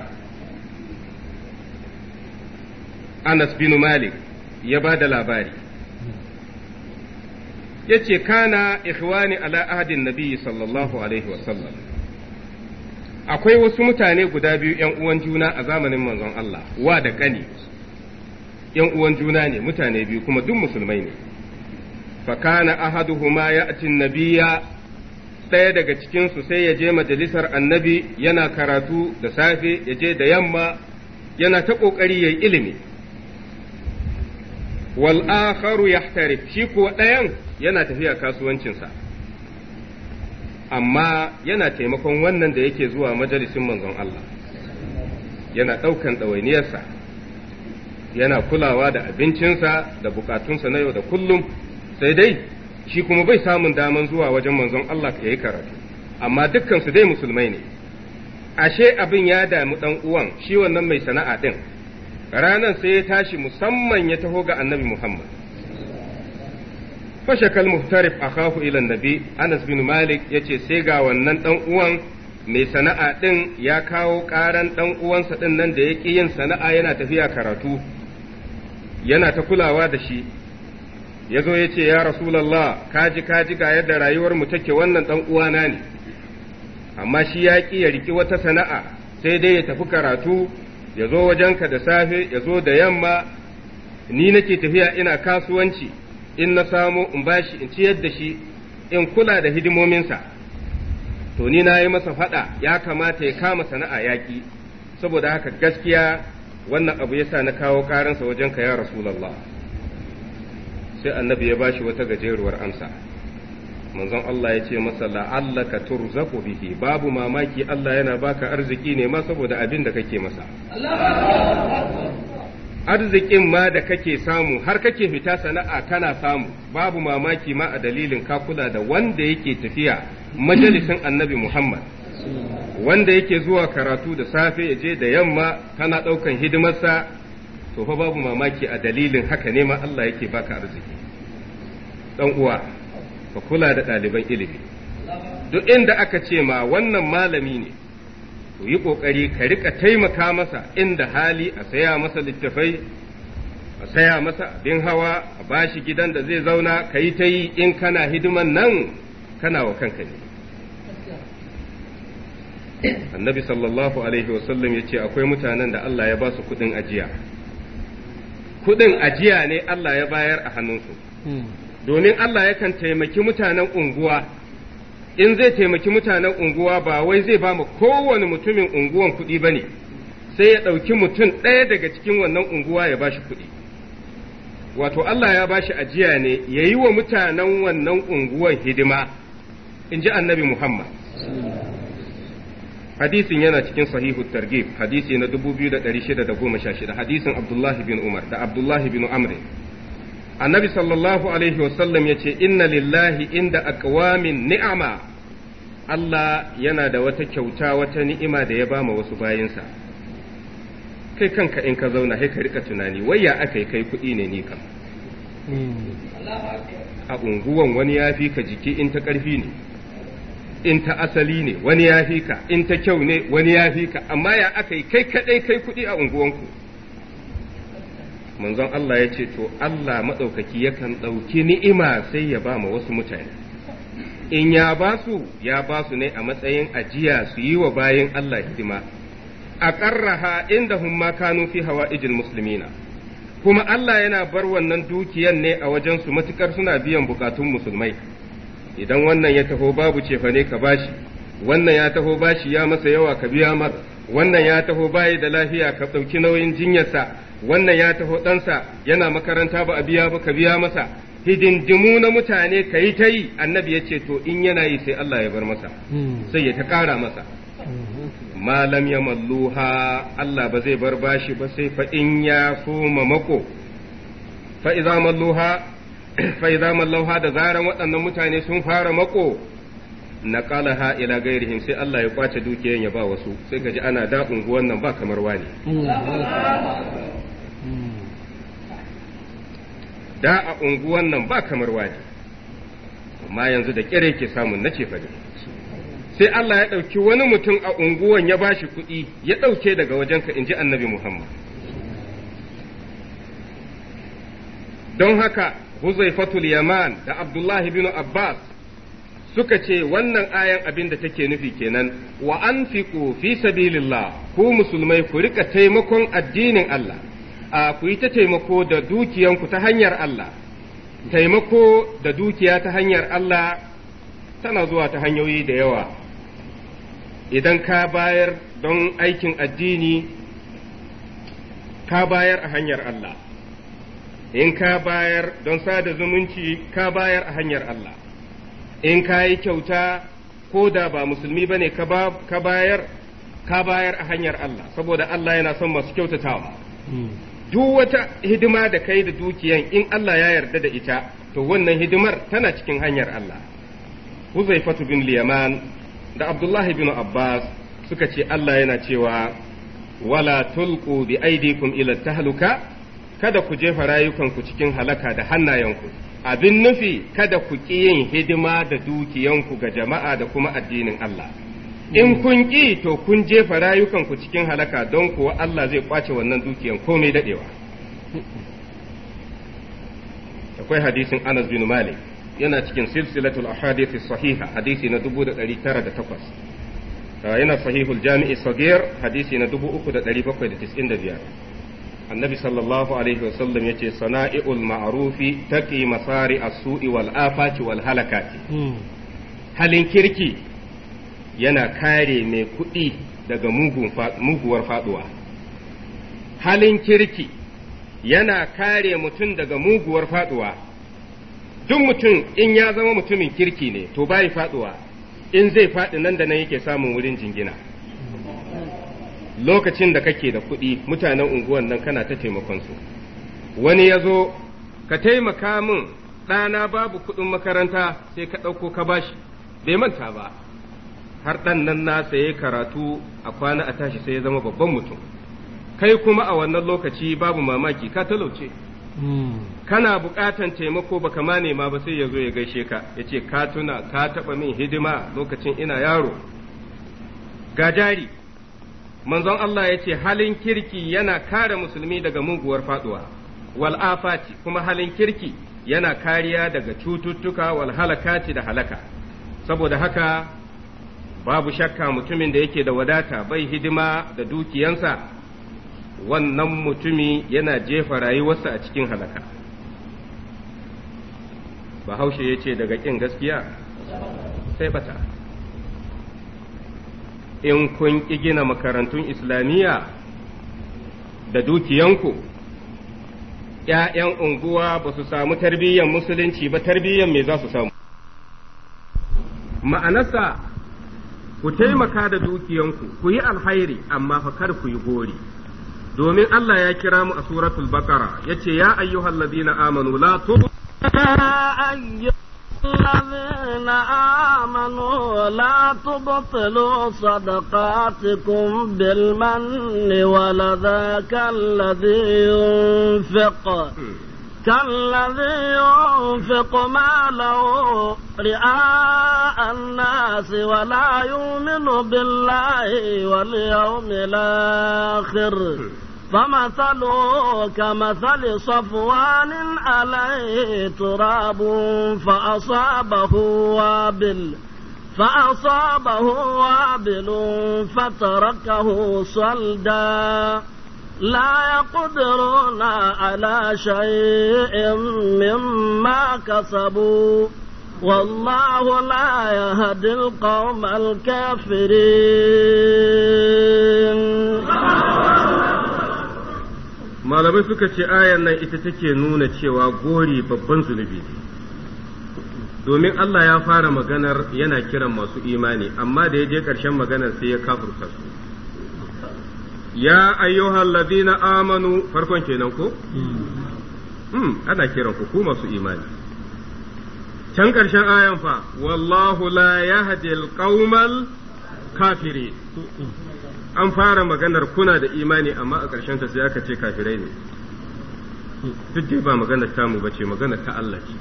Anas bin Malik ya ba da labari yace kana ikhwani ala ahadin nabi sallallahu alaihi wasallam akwai wasu mutane guda biyu ‘yan uwan juna a zamanin manzon Allah wa da ƙani ‘yan uwan juna ne mutane biyu kuma duk musulmai ne fakana ahaduhuma ya'tin nabiyya ɗaya daga cikinsu sai ya je majalisar annabi yana karatu da safe ya je da yamma yana ta ƙoƙari ya yi ilimi wal akharu yahtarif shi kuwa ɗayan yana tafiya kasuwancinsa amma yana taimakon wannan da yake zuwa majalisin manzon Allah yana ɗaukan ɗawainiyarsa yana kulawa da abincinsa da bukatunsa na yau da kullum sai dai shi kuma bai samun daman zuwa wajen manzon Allah ya yi karatu amma dukkansu dai musulmai ne ashe abin ya damu ɗan uwan shi wannan mai sana'a ɗin ranan sai ya tashi musamman ya taho ga annabi Muhammad fashakal muhtarif akhahu ila nabi Anas bin Malik yace sai ga wannan dan uwan mai sana'a din ya kawo karan dan uwansa din nan da yake yin sana'a yana tafiya karatu yana ta kulawa da shi ya zo ya ce ya rasulallah kaji kaji ga yadda rayuwar mu take wannan dan uwana ne amma shi ya ki ya riki wata sana'a sai dai ya tafi karatu ya zo wajenka da safe ya zo da yamma ni nake tafiya ina kasuwanci in na samu in bashi in ciyar da shi in kula da hidimominsa to ni na yi masa faɗa ya kamata ya kama sana'a yaƙi saboda haka gaskiya wannan abu yasa na kawo ƙaransa wajen ka ya rasulallah sai annabi ya bashi wata gajeruwar amsa manzon Allah ya ce masa la'allaka turzaku bihi babu mamaki Allah yana baka arziki ne ma saboda abin da kake masa arzikin ma da kake samu har kake fita sana'a kana samu babu mamaki ma a dalilin ka kula da wanda yake tafiya majalisin annabi Muhammad wanda yake zuwa karatu da safe ya je da yamma kana ɗaukan hidimarsa to fa babu mamaki a dalilin haka ne ma Allah yake baka arziki dan uwa ka kula da ɗaliban ilimi duk inda aka ce ma wannan malami ne ku yi ƙoƙari ka riƙa taimaka masa inda hali a saya masa littafai a saya masa abin hawa a bashi gidan da zai zauna ka yi ta yi in kana hidiman nan kana wa kanka ne annabi sallallahu alaihi wasallam ya ce akwai mutanen da Allah ya ba su kuɗin ajiya kuɗin ajiya ne Allah ya bayar a hannunsu hmm. domin Allah yakan taimaki mutanen unguwa in zai taimaki mutanen unguwa ba wai zai ba mu kowane mutumin unguwan kuɗi ba ne sai ya ɗauki mutum ɗaya daga cikin wannan unguwa ya ba shi kuɗi wato Allah ya ba shi ajiya ne ya yi wa mutanen wannan unguwan hidima in ji annabi Muhammad hadisin yana cikin sahihu targib hadisi na 2616 hadisin Abdullahi bin Umar da Abdullahi bin Amri. annabi sallallahu alaihi wa ya ce inna lillahi inda aqwamin ni'ama Allah yana da wata kyauta wata ni'ima da ya bama wasu bayinsa kai kanka in ka zauna kai ka rika tunani wai ya aka yi kai kuɗi ne ni kam a unguwan wani ya fi ka jiki in ta ƙarfi ne in ta asali ne wani ya fi ka in ta kyau ne wani ya fi ka amma ya aka yi kai kaɗai kai kuɗi a unguwanku manzon Allah ya ce to Allah maɗaukaki yakan ɗauki ni'ima sai ya ba ma wasu mutane in ya ba su ya ba su ne a matsayin ajiya su yi wa bayan Allah hidima a ƙarraha inda ma kanu fi hawa ijin musulmina kuma Allah yana bar wannan dukiyan ne a wajen su matukar suna biyan bukatun musulmai idan wannan ya taho babu ne ka bashi wannan ya taho bashi ya masa yawa ka biya masa wannan ya taho bayi da lafiya ka ɗauki nauyin jinyarsa wannan ya taho ɗansa yana makaranta ba a biya ba ka biya masa hidindimu na mutane ka yi ta yi annabi ya ce to in yana yi sai Allah ya bar masa hmm. sai ya ta ƙara masa malam ya malluha Allah ba zai bar bashi ba sai fa in ya soma mako fa iza malluha fa da zaran waɗannan mutane sun fara mako na ha ila gairihim sai Allah ya kwace dukiyan ya ba wasu sai ka ji ana da unguwan nan ba kamar wani hmm. da a unguwan nan ba kamar waje amma yanzu da kyare yake samun na ce fari sai Allah ya ɗauki wani mutum a unguwan ya bashi kuɗi ya ɗauke daga wajenka in ji annabi Muhammad don haka Huzaifatul Yaman da Abdullahi bin Abbas suka ce wannan ayan abin da take nufi kenan wa anfiqu fi sabilillah ku musulmai ku rika taimakon addinin Allah a ku yi ta taimako da dukiyanku ta hanyar Allah taimako da dukiya ta hanyar Allah tana zuwa ta hanyoyi da yawa idan ka bayar don aikin addini ka bayar a hanyar Allah in ka bayar don sada zumunci ka bayar a hanyar Allah in ka yi kyauta ko da ba musulmi ba ne ka bayar ka bayar a hanyar Allah saboda Allah yana son masu kyautatawa hmm. duk wata hidima da kai da dukiyan in Allah ya yarda da ita to wannan hidimar tana cikin hanyar Allah Huzaifatu bin Liyaman da Abdullahi bin Abbas suka ce Allah yana cewa wala tulqu bi aidikum ila tahluka kada ku jefa rayukanku cikin halaka da hannayenku abin nufi kada ku ƙi yin hidima da dukiyanku ga jama'a da kuma addinin Allah in kun ƙi to kun jefa rayukanku cikin halaka don kuwa Allah zai kwace wannan dukiyan komai daɗewa. Akwai hadisin Anas bin Malik yana cikin silsilatul ahadithi sahiha hadisi na 1908 ah, yana sahihul jami'i sagir hadisi na 3795 annabi sallallahu alaihi wasallam yace sana'iul ma'rufi taqi masari as-su'i wal afati wal halakati hmm. halin kirki yana kare mai kuɗi daga muguwar faɗuwa halin kirki yana kare mutum daga muguwar faɗuwa duk mutum in ya zama mutumin kirki ne to bai faɗuwa in zai faɗi nan da nan yake samun wurin jingina lokacin da kake da kuɗi mutanen unguwan nan kana ta taimakonsu wani ya zo ka taimaka min ɗana babu kuɗin makaranta sai ka ɗauko ka bashi bai manta ba har ɗan nan nasa ya karatu a kwana a tashi sai ya zama babban mutum kai kuma a wannan lokaci babu mamaki ka talauce hmm. kana buƙatan taimako baka ma nema ba sai ya zo ya gaishe ka ya ce ka tuna ka taɓa min hidima lokacin ina yaro ga jari manzon Allah ya ce halin kirki yana kare musulmi daga muguwar faduwa wal afati kuma halin kirki yana kariya daga cututtuka wal halakati da halaka saboda haka babu shakka mutumin da yake da wadata bai hidima da dukiyansa wannan mutumi yana jefa rayuwarsa a cikin halaka bahaushe ya ce daga ƙin gaskiya sai bata in kun ƙi gina makarantun islamiyya da dukiyanku ‘ya'yan unguwa ba su samu tarbiyyar musulunci ba tarbiyyar me za su samu ma'anarsa ku taimaka da dukiyanku ku yi alhairi amma fa kar ku yi gori domin Allah ya kira mu a suratul baqara yace ya ayyuhal ladina amanu la tubu الذين آمنوا لا تبطلوا صدقاتكم بالمن ولذاك الذي ينفق كالذي ينفق ماله رئاء الناس ولا يؤمن بالله واليوم الآخر فمثله كمثل صفوان عليه تراب فأصابه وابل فأصابه وابل فتركه صلدا لا يقدرون على شيء مما كسبوا والله لا يهدي القوم الكافرين malamai suka ce ayan nan ita take nuna cewa gori babban zunubi ne domin Allah ya fara maganar yana kiran masu imani amma da ya je ƙarshen maganar sai ya kafurta su ya ayyuhal ladina amanu farkon kenan ko hmm, ana kiran ku kuma su imani can ƙarshen ayan fa wallahu la yahdi alqaumal kafiri an fara maganar kuna da imani amma a karshen ta sai aka ce kafirai ne duk dai ba maganar ta ba bace maganar ta Allah ce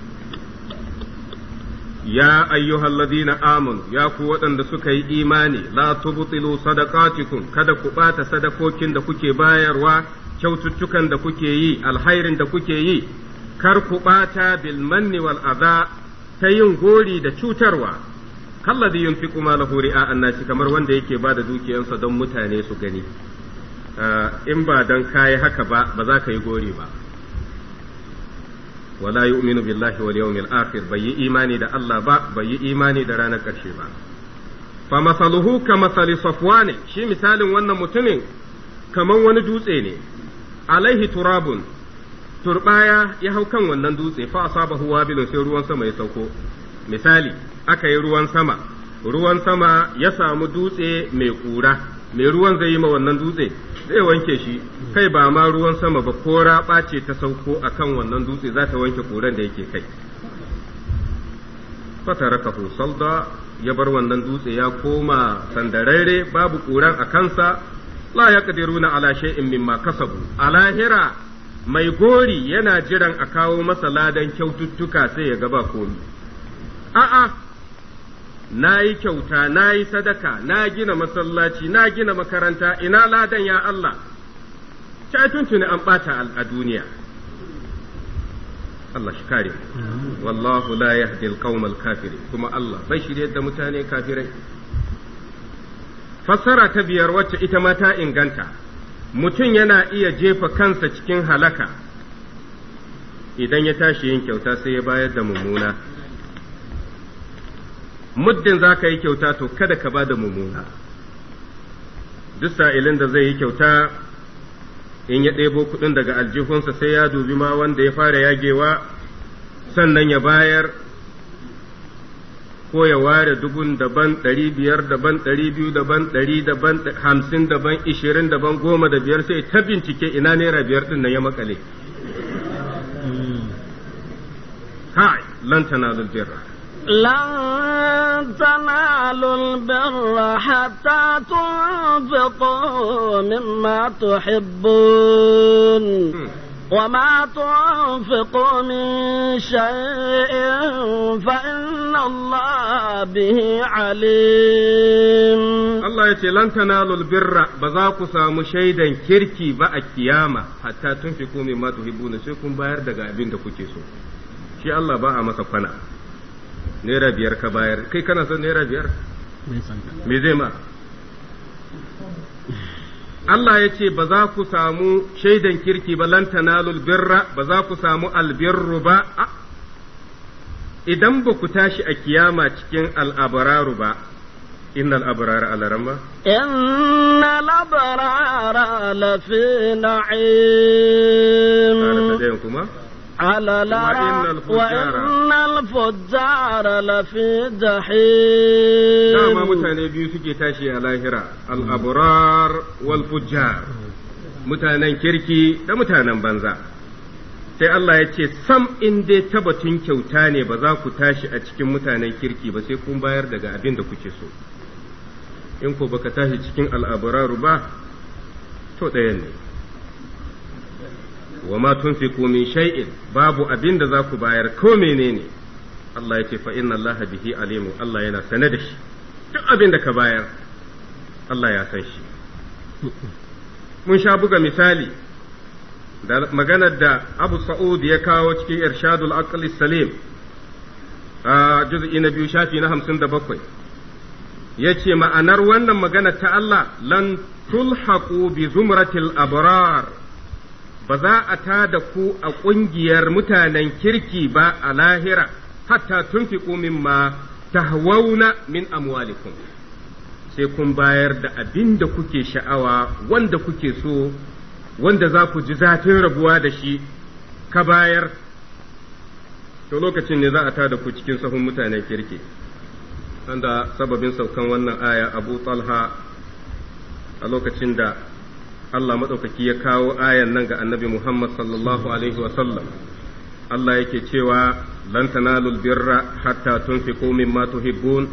ya ayyuhal ladina amanu ya ku waɗanda suka yi imani la tubtilu sadaqatikum kada ku ɓata sadakokin da kuke bayarwa kyaututtukan da kuke yi alhairin da kuke yi kar ku ɓata bil manni wal adha ta yin gori da cutarwa kalladhi yunfiqu malahu ri'a annasi kamar wanda yake bada dukiyarsa don mutane su gani in ba don kayi haka ba ba za ka yi gori ba wala yu'minu billahi wal yawmil akhir bai yi imani da Allah ba bai yi imani da ranar karshe ba fa masaluhu ka masali safwan shi misalin wannan mutumin kaman wani dutse ne alaihi turabun turbaya ya hau kan wannan dutse fa asabahu wabilun sai ruwan sama ya sauko misali aka yi ruwan sama ruwan sama ya samu dutse mai kura me ruwan zai yi ma wannan dutse zai wanke shi kai ba ma ruwan sama ba ko raɓa ce ta sauko akan wannan dutse za ta wanke koren da yake kai fatarakahu salda ya bar wannan dutse ya koma sandararre babu koren a kansa la yaqdiruna ala shay'in mimma kasabu a mai gori yana jiran a kawo masa ladan kyaututtuka sai ya gaba komi a'a na yi kyauta na yi sadaka na gina masallaci na gina makaranta ina ladan ya Allah a tuntuni an ɓata a duniya Allah shi kare wallahu la yahdi al kafiri kuma Allah bai shi da mutane kafirai fassara ta biyar wacce ita ma ta inganta mutum yana iya jefa kansa cikin halaka idan ya tashi yin kyauta sai ya bayar da mummuna muddin za ka yi kyauta to kada ka ba da mummuna duk sa'ilin da zai yi kyauta in ya ɗebo kuɗin daga aljihunsa sai ya dubi ma wanda ya fara yagewa sannan ya bayar ko ya ware dubun daban ɗari biyar daban ɗari biyu daban ɗari daban hamsin daban ishirin daban goma da biyar sai ta bincike ina naira biyar ɗin nan ya makale ha hmm. lantana birra لن تنالوا البر حتى تنفقوا مما تحبون وما تنفقوا من شيء فإن الله به عليم الله يتي لن تنالوا البر بذاك سامو شيدا كيركي با القيامة حتى تنفقوا مما تحبون سيكون باير دقا أبين دكوكي سو شي الله باها مسا naira biyar ka bayar kai kana son naira biyar me zai ma Allah ya ce ba za ku samu shaidan kirki ba lanta nalul birra ba za ku samu albirru ba idan ba ku tashi a kiyama cikin al'abararu ba innal abrara alaramma innal abrara lafi na'im kuma على وإن الفجار, وإن الفجار لفي جحيم دعما متاني بيو سكي تاشي على هرا الأبرار والفجار متانا كيركي دا متانا بنزا sai Allah ya ce sam in dai tabbatun kyauta ne ba za ku tashi a cikin mutanen kirki ba sai kun bayar daga abin da kuke so in ko baka tashi cikin al'abararu ba to ɗaya ne wa ma tunfiqu min shay'in babu abin da za ku bayar ko menene Allah ya ce fa inna Allah bihi alimu Allah yana sane da shi duk abin da ka bayar Allah ya san shi mun sha buga misali da maganar da Abu Sa'ud ya kawo cikin Irshadul Aqli Salim a juz'i na biyu shafi na hamsin da bakwai ya ce ma'anar wannan magana ta Allah lan tulhaqu bi zumratil abrar ba za a ta da ku a ƙungiyar mutanen kirki ba a lahira hatta tunfiqu mimma na min amwalikum sai kun bayar da abin da kuke sha'awa wanda kuke so wanda za ku ji zafin rabuwa da shi ka bayar to lokacin ne za a ta da ku cikin sahun mutanen kirki wanda sababin saukan wannan aya abu talha a lokacin da Allah maɗaukaki ya kawo ayan nan ga annabi Muhammad sallallahu alaihi wasallam Allah yake cewa lan birra hatta komin mimma tuhibbun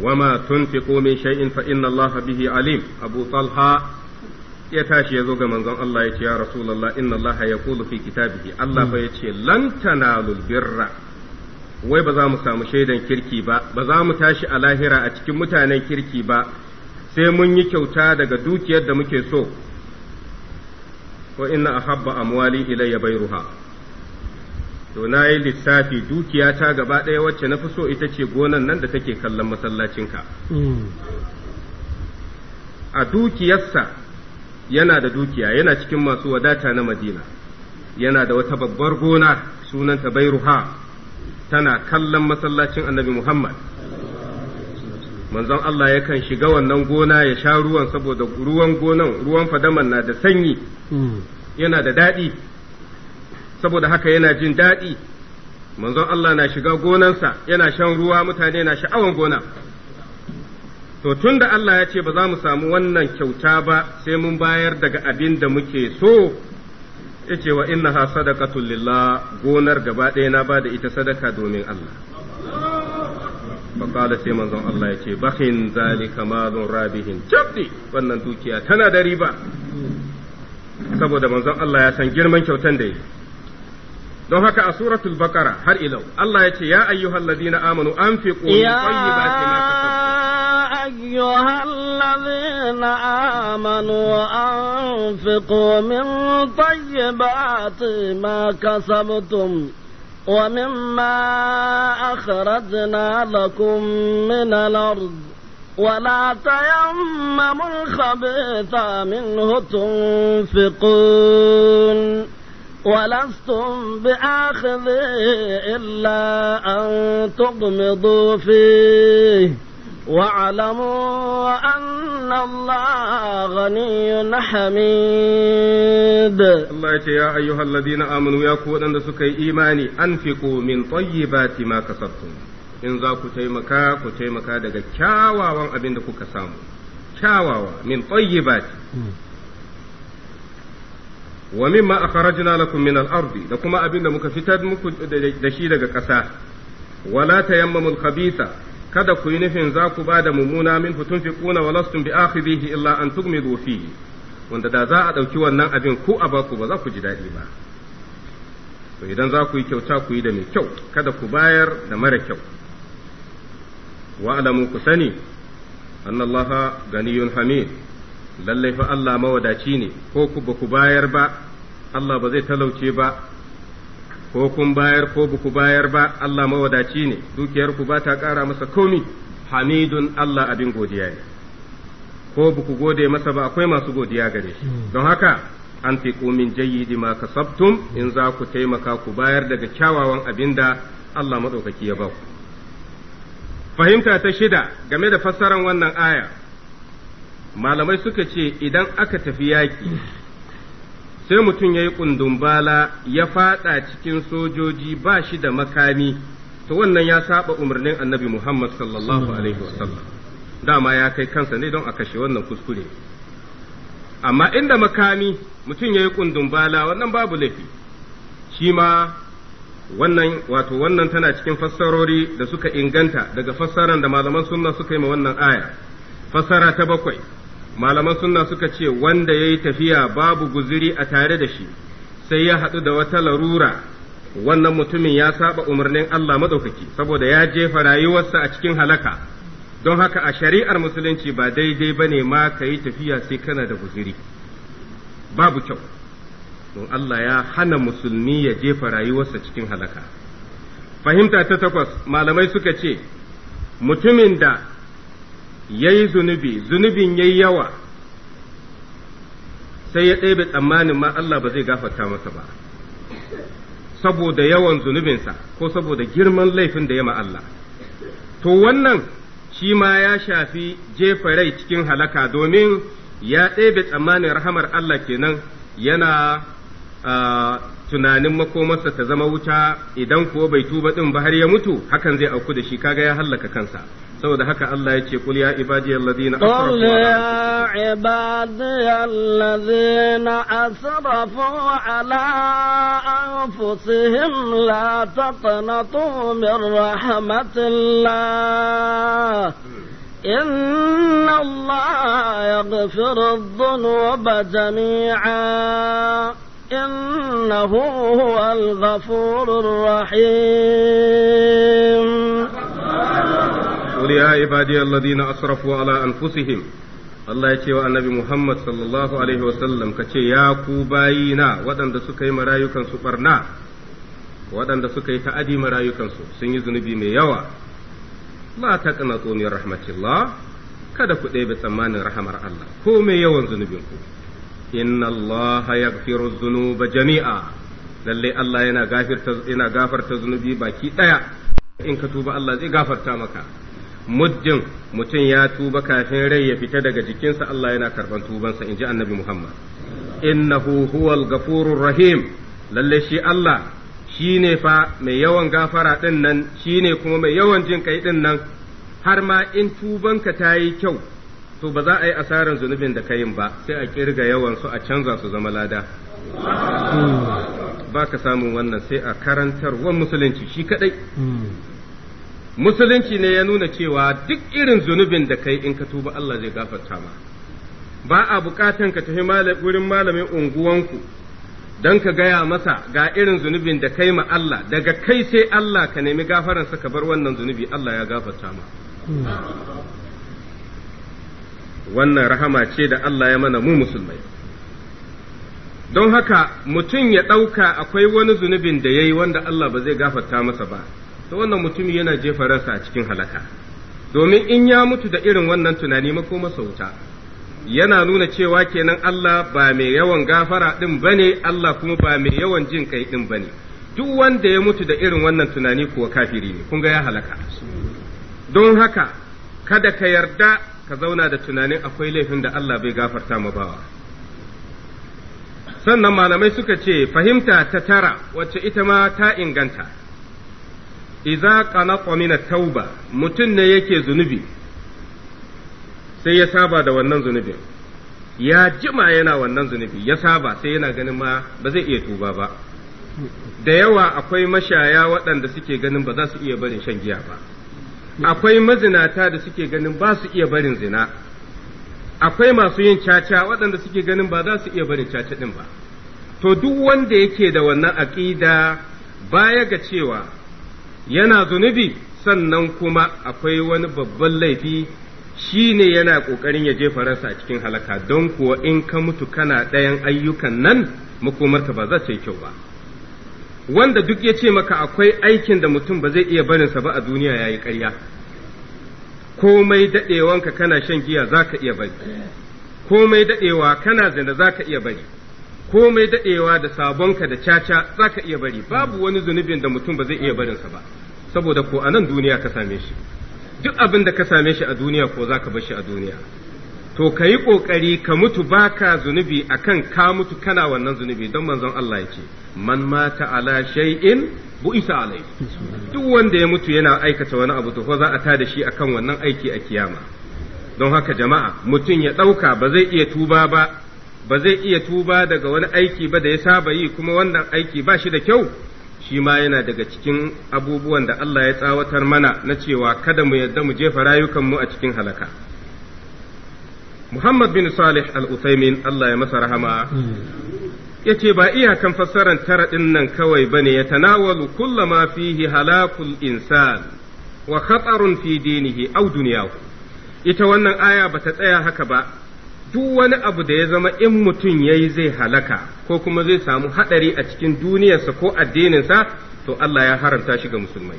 wama tunfiqu min shay'in fa inna Allah bihi alim Abu Talha ya tashi ya zo ga manzon Allah ya ce ya Rasulullah inna Allah yaqulu fi kitabihi Allah fa yace lan tanalul birra wai ba za mu samu shaidan kirki ba ba za mu tashi a lahira a cikin mutanen kirki ba sai mun yi kyauta daga dukiyar da muke so wa inna ahabba amwali ilayya bayruha to na yi lissafi dukiyata gaba ɗaya wacce na fi so ita ce gonan nan da take kallon masallacinka hmm. a dukiyarsa yana da dukiya yana cikin masu wadata na madina yana da wata babbar gona sunanta bayruha tana kallon masallacin annabi muhammad manzon Allah yakan shiga wannan gona ya sha ruwan saboda ruwan gonan ruwan fadaman na da sanyi hmm. yana da daɗi saboda haka yana jin daɗi manzon Allah na shiga gonansa yana shan ruwa mutane na sha'awan gona to tun da Allah ya ce ba za mu samu wannan kyauta ba sai mun bayar daga abin da muke so ya ce wa inna ha sadaqatul lillah gonar gaba ɗaya na bada ita sadaka domin Allah faƙala sai manzon Allah ya ce bakin zalika malun rabihin cabdi wannan dukiya tana da riba saboda manzon Allah ya san girman kyautan da yi don haka a suratul baqara har ilau Allah ya ce ya ayyuhal ladina amanu anfiqu tayyibati ma أيها الذين آمنوا أنفقوا من طيبات ما كسبتم ومما أخرجنا لكم من الأرض ولا تيمموا الخبيث منه تنفقون ولستم بآخذه إلا أن تغمضوا فيه واعلموا أن الله غني حميد الله يا أيها الذين آمنوا يا كودن سكي إيماني أنفقوا من طيبات ما كسبتم in za ku taimaka ku taimaka daga kyawawan abin da kuka samu kyawawa min tayyibati wa mimma akhrajna lakum min al-ardi da kuma abin da muka fitar muku da shi daga ƙasa wala tayammamul khabitha kada ku yi nufin za ku ba da mummuna min futun fi kuna wa lastum bi akhidhihi illa an tugmidu fihi wanda da za a ɗauki wannan abin ku a baku ba za ku ji daɗi ba to idan za ku yi kyauta ku yi da mai kyau kada ku bayar da mara kyau wa'lamu ku sani annallaha ganiyun hamid lallai fa Allah mawadaci ne ko ku ba ku bayar ba Allah ba zai talauce ba ko kun bayar ko buku bayar ba Allah mawadaci ne dukiyarku ba ta ƙara masa komi hamidun Allah abin godiya ne ko buku gode masa ba akwai masu godiya gare shi hmm. don haka an fi min jayyidi ma kasabtum in za ku taimaka ku bayar daga kyawawan abin da Allah maɗaukaki ya ba ku fahimta ta shida game da fassarar wannan aya malamai suka ce idan aka tafi yaƙi sai mutum ya yi ƙundumbala ya faɗa cikin sojoji ba shi da makami ta wannan ya saba umarnin annabi Muhammad sallallahu alaihi wasallam dama ya kai kansa ne don a kashe wannan kuskure amma inda makami mutum ya yi ƙundumbala wannan babu laifi shi ma wannan wato wannan tana cikin fassarori da suka inganta daga fassaran da malaman sunna suka yi ma wannan aya fassara ta bakwai malaman sunna suka ce wanda ya yi tafiya babu guziri a tare da shi sai ya haɗu da wata larura wannan mutumin ya saba umarnin Allah maɗaukaki saboda ya jefa rayuwarsa a cikin halaka don haka a shari'ar musulunci ba daidai ba ne ma ka yi tafiya sai kana da guziri babu kyau don Allah ya hana musulmi ya jefa rayuwarsa cikin halaka fahimta ta takwas malamai suka ce mutumin da yayi zunubi zunubin yayi yawa sai ya ɗebe tsammanin ma Allah ba zai gafarta masa ba saboda yawan zunubinsa ko saboda girman laifin da ya ma Allah to wannan shi ma ya shafi jefa rai cikin halaka domin ya ɗebe tsammanin rahamar Allah kenan yana tunanin makomarsa ta zama wuta idan kuwa bai tuba din ba har ya mutu hakan zai auku da shi kaga ya hallaka kansa saboda haka Allah ya ce kul ya ibadiyalladhina ladina asrafu ya ibadiyal ladina asrafu ala anfusihim la taqnatu min rahmatillah إن الله يغفر الذنوب جميعا إنه هو الغفور الرحيم قل يا عبادي الذين أسرفوا على أنفسهم Allah ya ce wa annabi Muhammad sallallahu Alaihi wasallam ka ce, Ya ku bayina waɗanda suka yi marayukansu ɓarna, waɗanda suka yi ta'adi marayukansu sun yi zunubi mai yawa, la ta min rahmatillah kada ku ɗebe tsammanin rahamar Allah, ko mai yawan zunubinku. ku. inna الله يغفر الذنوب jami'a للي Allah yana gafarta yana gafarta zunubi baki daya in ka tuba Allah zai gafarta maka muddin mutum ya tuba kafin rai ya fita daga jikinsa Allah yana karban tubansa inji annabi Muhammad innahu huwal gafurur rahim lalle shi Allah shi ne fa mai yawan gafara din nan shi ne kuma mai yawan jin kai din nan har ma in tubanka ta yi kyau to ba za a yi asarar zunubin da ka yin ba sai a kirga yawan su a canza su zama lada hmm. ba ka samun wannan sai a karantar wa musulunci shi kadai hmm. musulunci ne ya nuna cewa duk irin zunubin da kai in ka tuba Allah zai gafarta ma ba a bukatan ka tafi wurin malamin unguwanku don ka gaya masa ga irin zunubin da kai ma Allah daga kai sai Allah ka nemi gafaransa ka bar wannan zunubi Allah ya gafarta ma hmm. wannan rahama ce da Allah ya mana mu musulmai don haka mutum ya ɗauka akwai wani zunubin da ya yi wanda Allah ba zai gafarta masa ba to wannan mutum yana jefa ransa a cikin halaka domin in ya mutu da irin wannan tunani mako masa wuta yana nuna cewa kenan Allah ba mai yawan gafara ɗin ba ne Allah kuma ba mai yawan jin kai ɗin ba ne duk wanda ya mutu da irin wannan tunani kuwa kafiri ne kun ga ya halaka don haka kada ka yarda ka zauna da tunanin akwai laifin da Allah bai gafarta mu bawa sannan malamai suka ce fahimta ta tara wacce ita ma ta inganta idza qanata min tauba mutum ne yake zunubi sai ya saba da wannan zunubin ya jima yana wannan zunubi ya saba sai yana ganin ma ba zai iya tuba ba da yawa akwai mashaya waɗanda suke ganin ba za su iya barin shan giya ba akwai mazinata da suke ganin ba su iya barin zina akwai masu yin caca waɗanda suke ganin ba za su iya barin caca ɗin ba to duk wanda yake da wannan aƙida baya ga cewa yana zunubi sannan kuma akwai wani babban laifi shi ne yana ƙoƙarin ya je Faransa a cikin halaka don kuwa in ka mutu kana ɗayan ayyukan nan makomarka ba za ta yi kyau ba wanda duk ya ce maka akwai aikin da mutum ba zai iya barinsa ba a duniya ya yi ƙarya komai daɗewanka kana shan giya za ka iya bari komai daɗewa kana zina za ka iya bari komai daɗewa da sabonka da caca za ka iya bari babu wani zunubin da mutum ba zai iya barinsa ba saboda ko a nan duniya ka same shi duk abin da ka same shi a duniya ko za ka bar shi a duniya to ka yi ƙoƙari ka mutu baka zunubi akan ka mutu kana wannan zunubi don manzon Allah ya ce man mata ala shay'in isa alai duk wanda ya mutu yana aikata wani abu to za a ta da shi a kan wannan aiki a kiyama don haka jama'a mutum ya ɗauka ba zai iya tuba ba ba zai iya tuba daga wani aiki ba da ya saba yi kuma wannan aiki ba shi da kyau shi ma yana daga cikin abubuwan da Allah ya tsawatar mana na cewa kada mu yarda mu jefa rayukanmu a cikin halaka Muhammad bin Salih al Allah ya masa rahama hmm. ya ce ba iyakan fassarar tara ɗin nan kawai ba ne ya tanawalu kulla ma fihi halakul insan wa khatarun fi dinihi au duniyahu ita wannan aya ba ta tsaya haka ba duk wani abu da ya zama in mutum ya yi zai halaka ko kuma zai samu haɗari a cikin duniyarsa ko addininsa to Allah ya haramta shi ga musulmai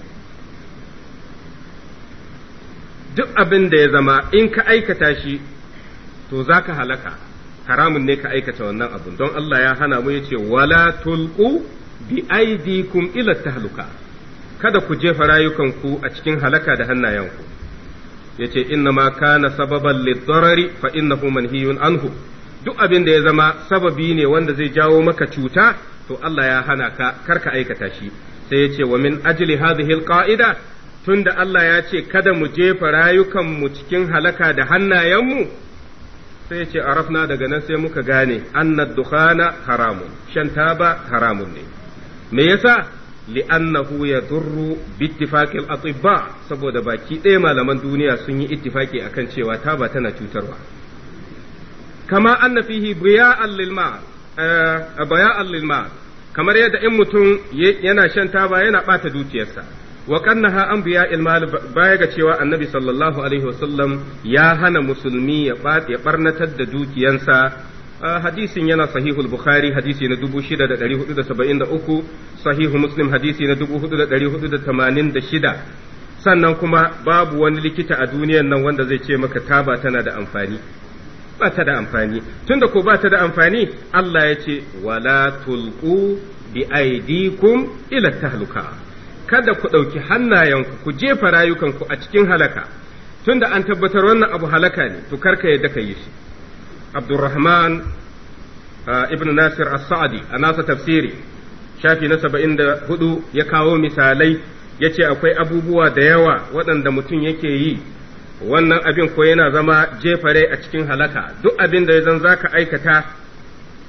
duk abin da ya zama in ka aikata shi to za ka halaka haramun ne ka aikata wannan abun don Allah ya hana mu yace wala tulqu bi aidikum ila tahluka kada ku jefa rayukanku a cikin halaka da hannayenku yace inna ma kana sababan lidarari fa innahu manhiyun anhu duk abin da ya zama sababi ne wanda zai jawo maka cuta to Allah ya hana ka karka aikata shi sai yace wa min ajli hadhihi alqaida tunda Allah ya ce kada mu jefa rayukanmu cikin halaka da hannayenmu sai ce rafna daga nan sai muka gane annad dukhana haramun shan taba haramun ne me yasa li'annahu yadurru al atibba saboda baki ɗaya malaman duniya sun yi ittifaki akan cewa taba tana cutarwa kama anna fihi biya'an lilma eh, baya'an lilma kamar yadda in mutum yana shan taba yana bata dukiyarsa wa kannaha anbiya ilmal baya ga cewa annabi sallallahu alaihi wasallam ya hana musulmi ya ya barnatar da dukiyansa hadisin yana sahihul bukhari hadisi na 6473 sahihu muslim hadisi na 4486 sannan kuma babu wani likita a duniyan nan wanda zai ce maka taba tana da amfani ba ta da amfani tunda ko ba ta da amfani Allah ya ce wala tulqu bi aidikum ila tahluka kada ku ɗauki hannayenku ku jefa rayukanku a cikin halaka tunda an tabbatar wannan abu halaka ne to karka yadda ka yi shi Abdurrahman ah, ibn Nasir as-Sa'di a nasa tafsiri shafi na hudu, ya kawo misalai ya ce akwai abubuwa da yawa waɗanda mutum yake yi wannan abin ko yana zama jefa rai a cikin halaka duk abin da ya zan ka aikata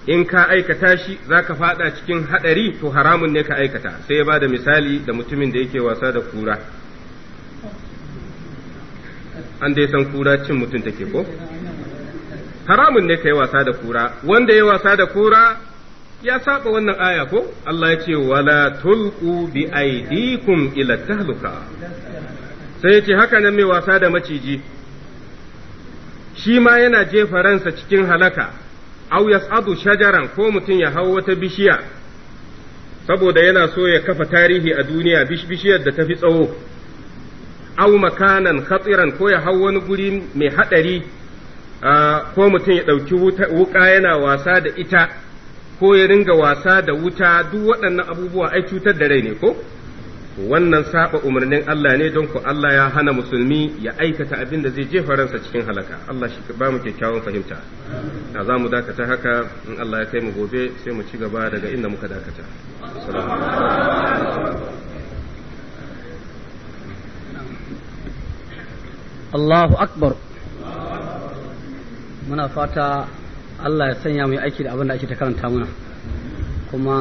in ka aikata shi za ka fada cikin haɗari to haramun ne ka aikata sai ya ba misali da mutumin da yake wasa da kura an dai san kura cin mutum take ko haramun ne ka yi wasa da kura wanda ya wasa da kura ya saba wannan aya ko Allah ya ce wala tulqu bi aidikum ila tahluka sai ya ce haka nan mai wasa da maciji shi ma yana jefa ransa cikin halaka au yas'adu shajaran ko mutum ya hau wata bishiya saboda yana so ya kafa tarihi a duniya bishiyar da ta fi tsawo au makanan hatsiran ko ya hau wani guri mai haɗari ko mutum ya ɗauki wuka yana wasa da ita ko ya ringa wasa da wuta duk waɗannan abubuwa ai cutar da rai ne ko wannan saba umarnin Allah ne don ku Allah ya hana musulmi ya aikata abin da zai jefa ransa cikin halaka Allah shi ba mu kyakkyawan fahimta na za mu dakata haka in Allah ya kai mu gobe sai mu ci gaba daga inda muka dakata Allahu akbar muna fata Allah ya sanya mu yi aiki da abin da ake ta karanta muna kuma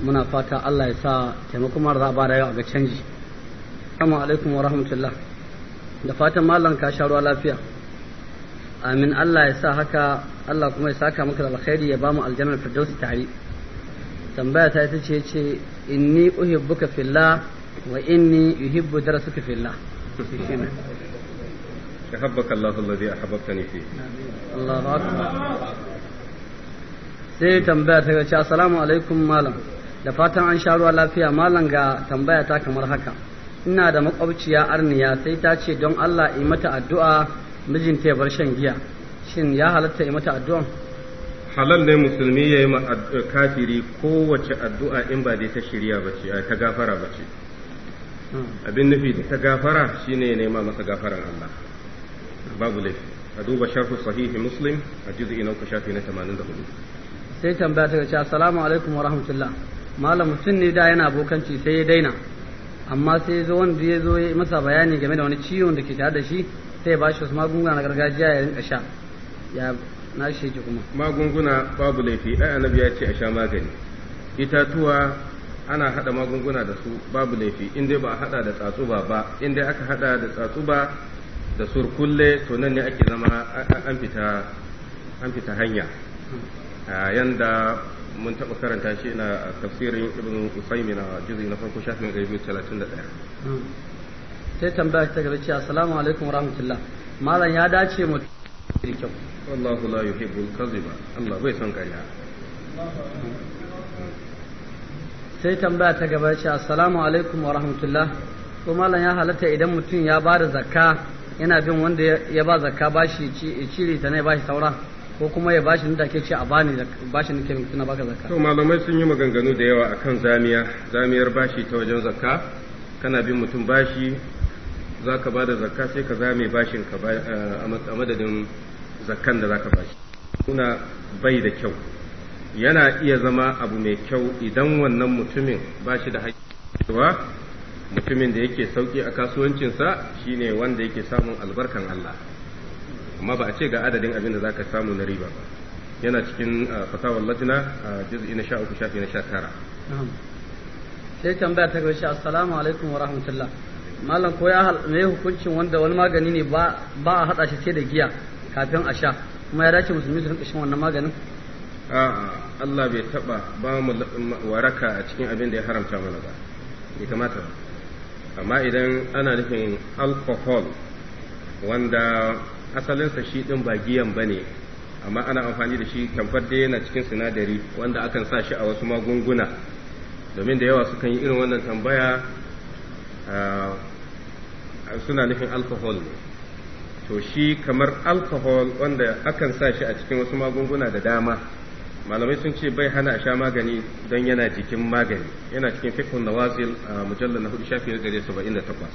muna fata Allah ya sa taimakon mara za a bada yau ga canji assalamu alaikum wa rahmatullah da fatan Mallam ka sha ruwa lafiya amin Allah ya sa haka Allah kuma ya saka maka da alkhairi ya bamu aljannar firdausi tare tambaya ta ita ce ce inni uhibbuka fillah wa inni yuhibbu darasuka fillah أحبك الله الذي أحببتني فيه الله أكبر sai tambaya ta gaci assalamu alaikum malam da fatan an sha ruwa lafiya malam ga tambaya ta kamar haka ina da makwabciya arniya sai ta ce don Allah yi mata addu'a mijinta ya bar shan giya shin ya halatta yi mata addu'a halal ne musulmi ya yi kafiri kowace addu'a in ba dai ta shirya ba ce ta gafara ba ce hmm. abin nufi da ta gafara shine ya nema masa gafaran Allah babu laifi a duba sharhu sahihi muslim a juz'i na uku shafi na 84 sai tambaya ta ce assalamu alaikum wa rahmatullah malam mutum ne da yana abokanci sai ya daina amma sai ya zo wanda ya zo ya masa bayani game da wani ciwon da ke tare da shi sai ya ba shi wasu magunguna na gargajiya ya rinka sha ya na shi kuma magunguna babu laifi ai annabi ya ce a sha magani itatuwa ana hada magunguna da su babu laifi in dai ba a hada da tsatsuba ba in dai aka hada da tsatsuba da surkulle to nan ne ake zama an fita an fita hanya hmm. yanda mun taɓa karanta shi na tafsirin ibn Usaimin a juzi na farko shafin 231 sai tambaya ta gaba ce assalamu alaikum wa rahmatullah malam ya dace mu da kyau wallahu la yuhibbul kadhiba Allah bai son ƙarya sai tambaya ta gaba ce assalamu alaikum wa rahmatullah ko malam ya halatta idan mutum ya ba da zakka yana bin wanda ya ba zakka bashi ya cire ta ne bashi saura ko kuma ya bashi nan ke ce a bani bashi nake miki na baka zakka to malamai sun yi maganganu da yawa akan zamiya zamiyar bashi ta wajen zakka kana bin mutum bashi zaka bada zakka sai ka zame bashin ka eh, a madadin zakkan da zaka bashi kuna bai da kyau yana iya zama abu mai kyau idan wannan mutumin bashi da haƙƙi mutumin da yake sauki a kasuwancinsa shine wanda yake samun albarkan Allah amma ba a ce ga adadin abin da za ka samu na riba ba yana cikin ah, fasawar latina a ah, juz'i na sha uku shafi na sha tara sai tambaya ta gaishe assalamu alaikum wa rahmatullah malam ko ya hukuncin wanda wani magani ne ba a hada shi sai da giya kafin a sha kuma ya dace musulmi su rinka shan wannan maganin a'a Allah bai taba ba mu waraka a cikin abin da ya haramta mana ba bai kamata ba amma idan ana nufin alcohol wanda asalinsa shi ɗin ba giyan ba ne amma ana amfani da shi tamfar da yana cikin sinadari wanda akan sa shi a wasu magunguna domin da yawa sukan yi irin wannan tambaya ah, suna nufin alcohol ne to shi kamar alcohol wanda akan sa shi a cikin wasu magunguna da dama malamai sun ce bai hana a sha magani don yana cikin magani yana cikin fikhun nawazil a mujallar na hudu shafi yadda gare saba'in da takwas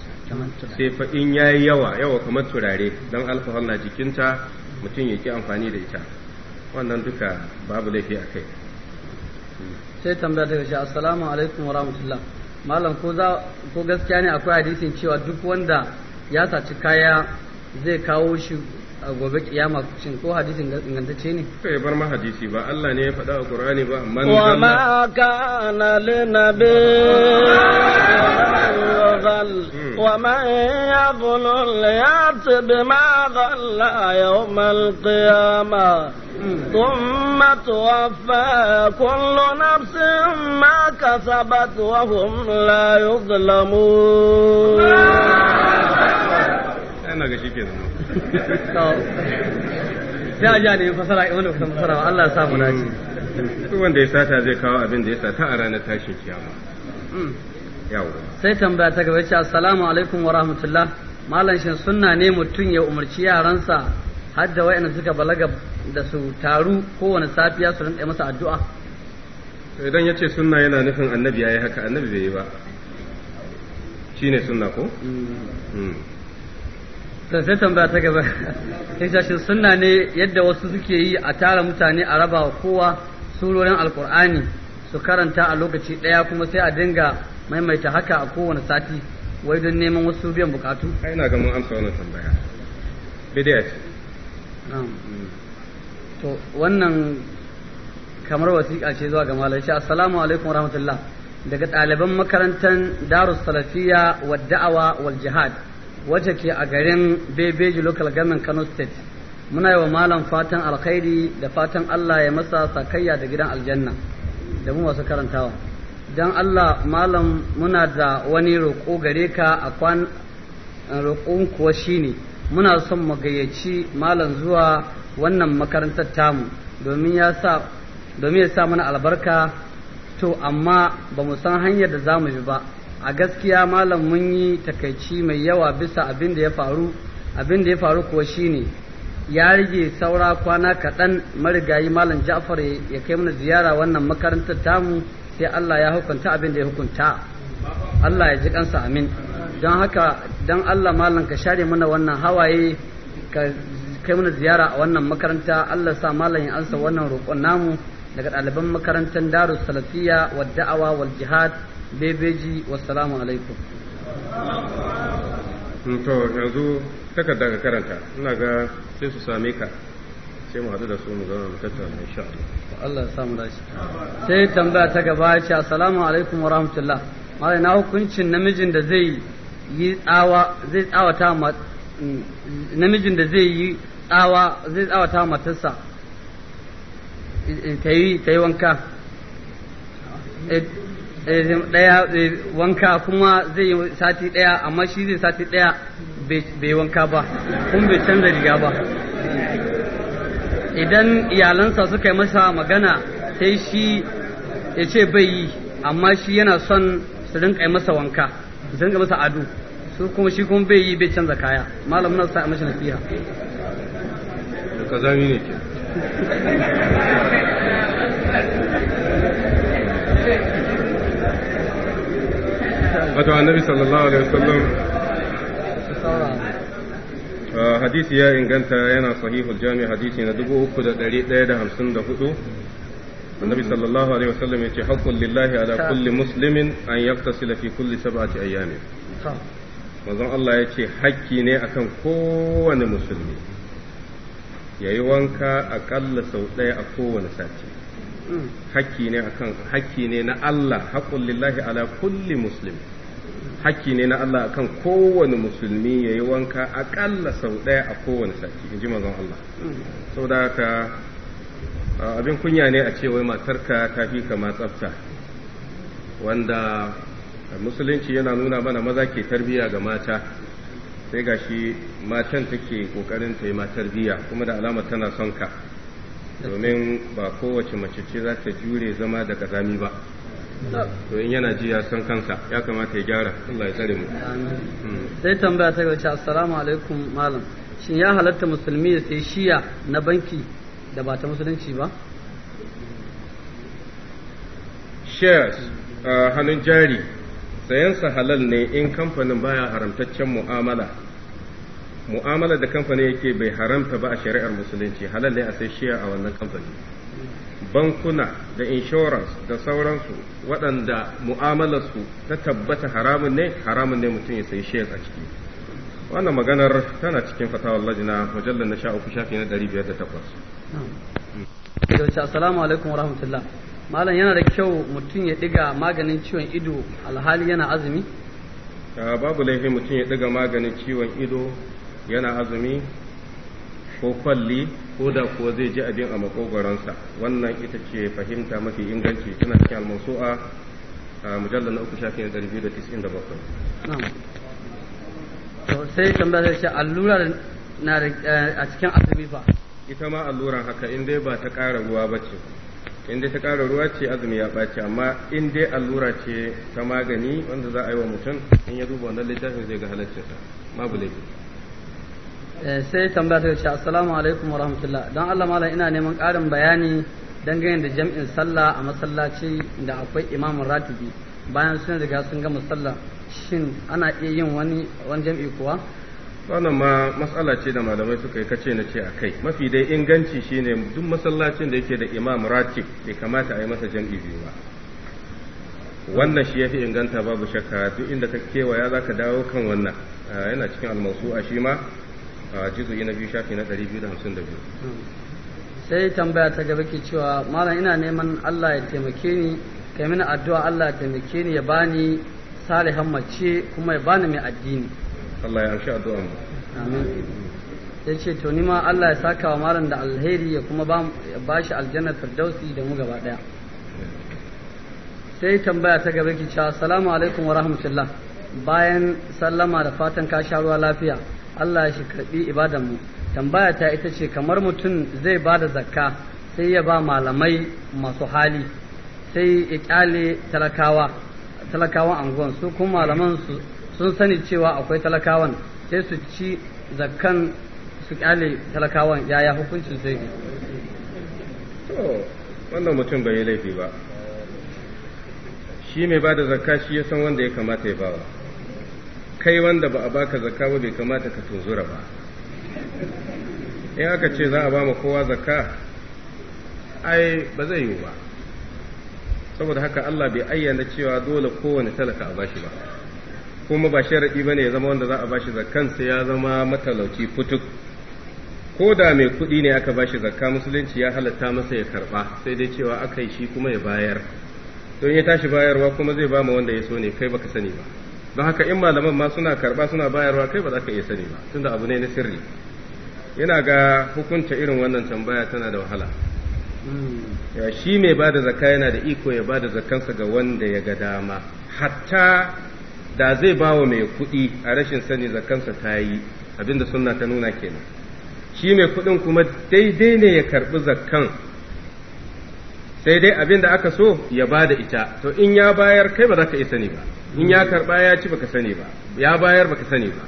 sai fa in ya yi yawa yawa kamar turare don alkohol na jikinta mutum ya ki amfani da ita wannan duka babu laifi a kai sai tambaya daga shi assalamu alaikum wa rahmatullah malam ko za ko gaskiya ne akwai hadisin cewa duk wanda ya saci kaya zai kawo shi a gobe kiyama shin ko hadisin ingantacce ne kai bar ma hadisi ba Allah ne ya faɗa a Qur'ani ba man hmm. wa ma kana ثم توفى كل نفس ما كسبت وهم لا يظلمون sai a ja ne fasara in wani kusan fasara wa Allah ya samu dace mm. duk wanda ya sata zai kawo abin da ya sata a ranar tashin kiyama mm. sai tambaya ta gaba ce assalamu alaikum wa rahmatullah malam shin sunna ne mutum ya umarci yaransa har da wayanda suka balaga da su taru kowane safiya su rinka masa addu'a idan ya ce sunna yana nufin annabi ya yi haka annabi bai yi ba shine sunna ko mm. sai tambaya ta gaba ita shi sunna ne yadda wasu suke yi a tara mutane a raba wa kowa surorin alkur'ani su karanta a lokaci ɗaya kuma sai a dinga maimaita haka a kowane sati wai don neman wasu biyan bukatu kai na ga mun amsa wannan tambaya bidiya ce to wannan kamar wasiƙa ce zuwa ga malai shi assalamu alaikum warahmatullahi daga ɗaliban makarantar darus salafiya wa da'awa wal jihad wacce ke a garin bebeji local government kano state muna yi wa malam fatan alkhairi da fatan allah ya masa sakayya da gidan aljanna da mu masu karantawa don allah malam muna da wani roƙo gare ka a kwan roƙon kuwa shine muna son mu gayyaci malam zuwa wannan makarantar tamu domin ya sa mana albarka to amma ba mu san hanyar da za mu bi ba a gaskiya malam mun yi takaici mai yawa bisa abin da ya faru abin da ya faru kuwa shine ya rage saura kwana kaɗan marigayi malam ja'far ya kai mana ziyara wannan makarantar tamu sai Allah ya hukunta abin da ya hukunta Allah ya ji kansa amin don haka don Allah malam ka share mana wannan hawaye ka kai mana ziyara a wannan makaranta Allah sa malam ya ansa wannan roƙon namu daga ɗaliban makarantar Darus Salafiya wa da'awa wal jihad bebeji wassalamu alaikum hmm, to yanzu kaka daga karanta ina ga sai su same ka sai mu hadu da su mu zama mu tattauna insha Allah Allah ya samu dashi sai tambaya ta gaba ce assalamu alaikum wa rahmatullah malai na hukuncin namijin da zai yi tsawa zai tsawata ma hmm, namijin da zai yi tsawa zai tsawata matarsa eh, eh, ta yi wanka eh, daya eh, eh, wanka kuma zai sati daya amma shi zai sati daya bai wanka ba kuma bai canza riga ba idan iyalansa suka yi masa magana sai shi ya ce bai yi amma shi yana son su rinka yi masa wanka su rinka masa ado su kuma shi kuma bai yi bai canza kaya malam na sa mashi nasiha kazami ne ke wato annabi sallallahu alaihi wasallam uh, hadisi ya inganta yana sahihul jami hadisi na dubu uku da da da hamsin hudu annabi sallallahu alaihi wasallam ce haƙƙun lillahi ala kulli muslimin an yaktasila fi kulli sab'ati ayyamin manzon Allah ya ce hakki ne akan kowane musulmi yayi wanka akalla sau ɗaya a kowane sati hakki ne akan hakki ne na Allah haƙƙun lillahi ala kulli muslimin hakki ne na Allah akan kowane musulmi ya yi wanka akalla sau ɗaya a kowane sati in ji mazan Allah saboda haka abin kunya ne a cewa wai matarka ta fi kama tsafta wanda musulunci yana nuna mana maza ke tarbiya ga mata sai ga shi matan take kokarin ta yi ma biya kuma da alama tana son ka domin ba kowace mace ce za ta jure zama da ƙazami ba to in yana ji ya san kansa ya kamata ya gyara Allah ya tsare mu sai tambaya ta gaci assalamu alaikum malam shin ya halatta musulmi ya sai shiya na banki da ba ta musulunci ba shares hannun jari sayansa halal ne in kamfanin baya haramtaccen mu'amala mu'amala da kamfanin yake bai haramta ba a shari'ar musulunci halal ne a sai shiya a wannan kamfanin bankuna da insurance da sauransu waɗanda mu'amalarsu ta tabbata haramun ne haramun ne mutum ya sai shares a ciki wannan maganar tana cikin fatawar lajina mujallar na sha uku shafi na ɗari biyar da takwas. assalamu alaikum wa rahmatullah malam yana da kyau mutum ya ɗiga maganin ciwon ido alhali yana azumi? babu laifin mutum ya ɗiga maganin ciwon ido yana azumi ko kwalli ko da kuwa zai ji abin a makogoronsa wannan ita ce fahimta mafi inganci tana cikin almasu'a a mujallar na uku shafin ya biyu da tis'in da bakwai. to sai tambaya zai ce allura na eh, a cikin azumi ba. ita ma alluran haka in dai ba ta ƙara ruwa ba ce in dai ta ƙara ruwa ce azumi ya ɓace amma in dai allura ce ta magani wanda za a yi wa mutum in ya duba wannan littafin zai ga halaccinsa babu laifi. Eh, sai tambaya ta ce assalamu alaikum wa rahmatullah don Allah malam ina neman ƙarin bayani dangane da jam'in sallah a masallaci da akwai imamun ratibi bayan sun riga sun gama sallah shin ana iya yin wani wani jam'i kuwa wannan ma matsala da malamai suka yi kace na ce a kai mafi dai inganci shine duk masallacin da yake da imam ratib bai kamata a yi masa jam'i biyu ba wannan shi yafi inganta babu shakka duk inda ka kewaya zaka dawo kan wannan eh, yana cikin almasu a shi ma a jizu'i na biyu shafi na ɗari biyu da da hamsin biyu. sai tambaya ta gaba ke cewa malam ina neman Allah ya taimake ni kai mini addu'a Allah ya taimake ni ya bani salihan mace kuma ya bani mai addini Allah ya amshi addu'a mu amin ya ce to ni ma Allah ya saka wa malam da alheri ya kuma ba shi aljanna firdausi da mu gaba daya sai tambaya ta gaba ke cewa assalamu alaikum wa rahmatullah bayan sallama da fatan ka sha ruwa lafiya Allah shi karbi ibadan mu tambaya ta ita ce kamar mutum zai ba da zakka sai ya ba malamai masu hali sai ya kyale talakawa talakawan anguwan su kuma malaman sun sani cewa akwai talakawan sai su ci zakkan su kyale talakawan yaya hukuncin zai to wannan mutum bai yi laifi ba shi mai ba da zakka shi ya san wanda ya kamata ya bawa kai wanda ba a baka zakka ba bai kamata ka tunzura ba in aka ce za a ba mu kowa zakka ai ba zai yiwu ba saboda haka Allah bai ayyana cewa dole kowane talaka a bashi ba kuma ba sharaɗi ba ne ya zama wanda za a bashi sai ya zama matalauci futuk ko da mai kuɗi ne aka bashi zakka musulunci ya halatta masa ya karɓa sai dai cewa aka yi shi kuma ya bayar don ya tashi bayarwa kuma zai ba mu wanda ya so ne kai baka sani ba don haka in malaman ma suna karba suna bayarwa kai ba za ka iya sani ba tunda abu ne na sirri yana ga hukunta irin wannan tambaya tana da wahala hmm. shi mai ba da zaka yana da iko ya ba da zakansa ga wanda ya ga dama hatta da zai ba wa mai kuɗi a rashin sani zakansa ta yi abinda suna ta nuna kenan shi mai kuɗin kuma daidai ne ya karɓi zakan sai dai abin da aka so ya ba da ita to in ya bayar kai ba za ka sani ba in ya karba ya ci baka sani ba ya bayar baka sani ba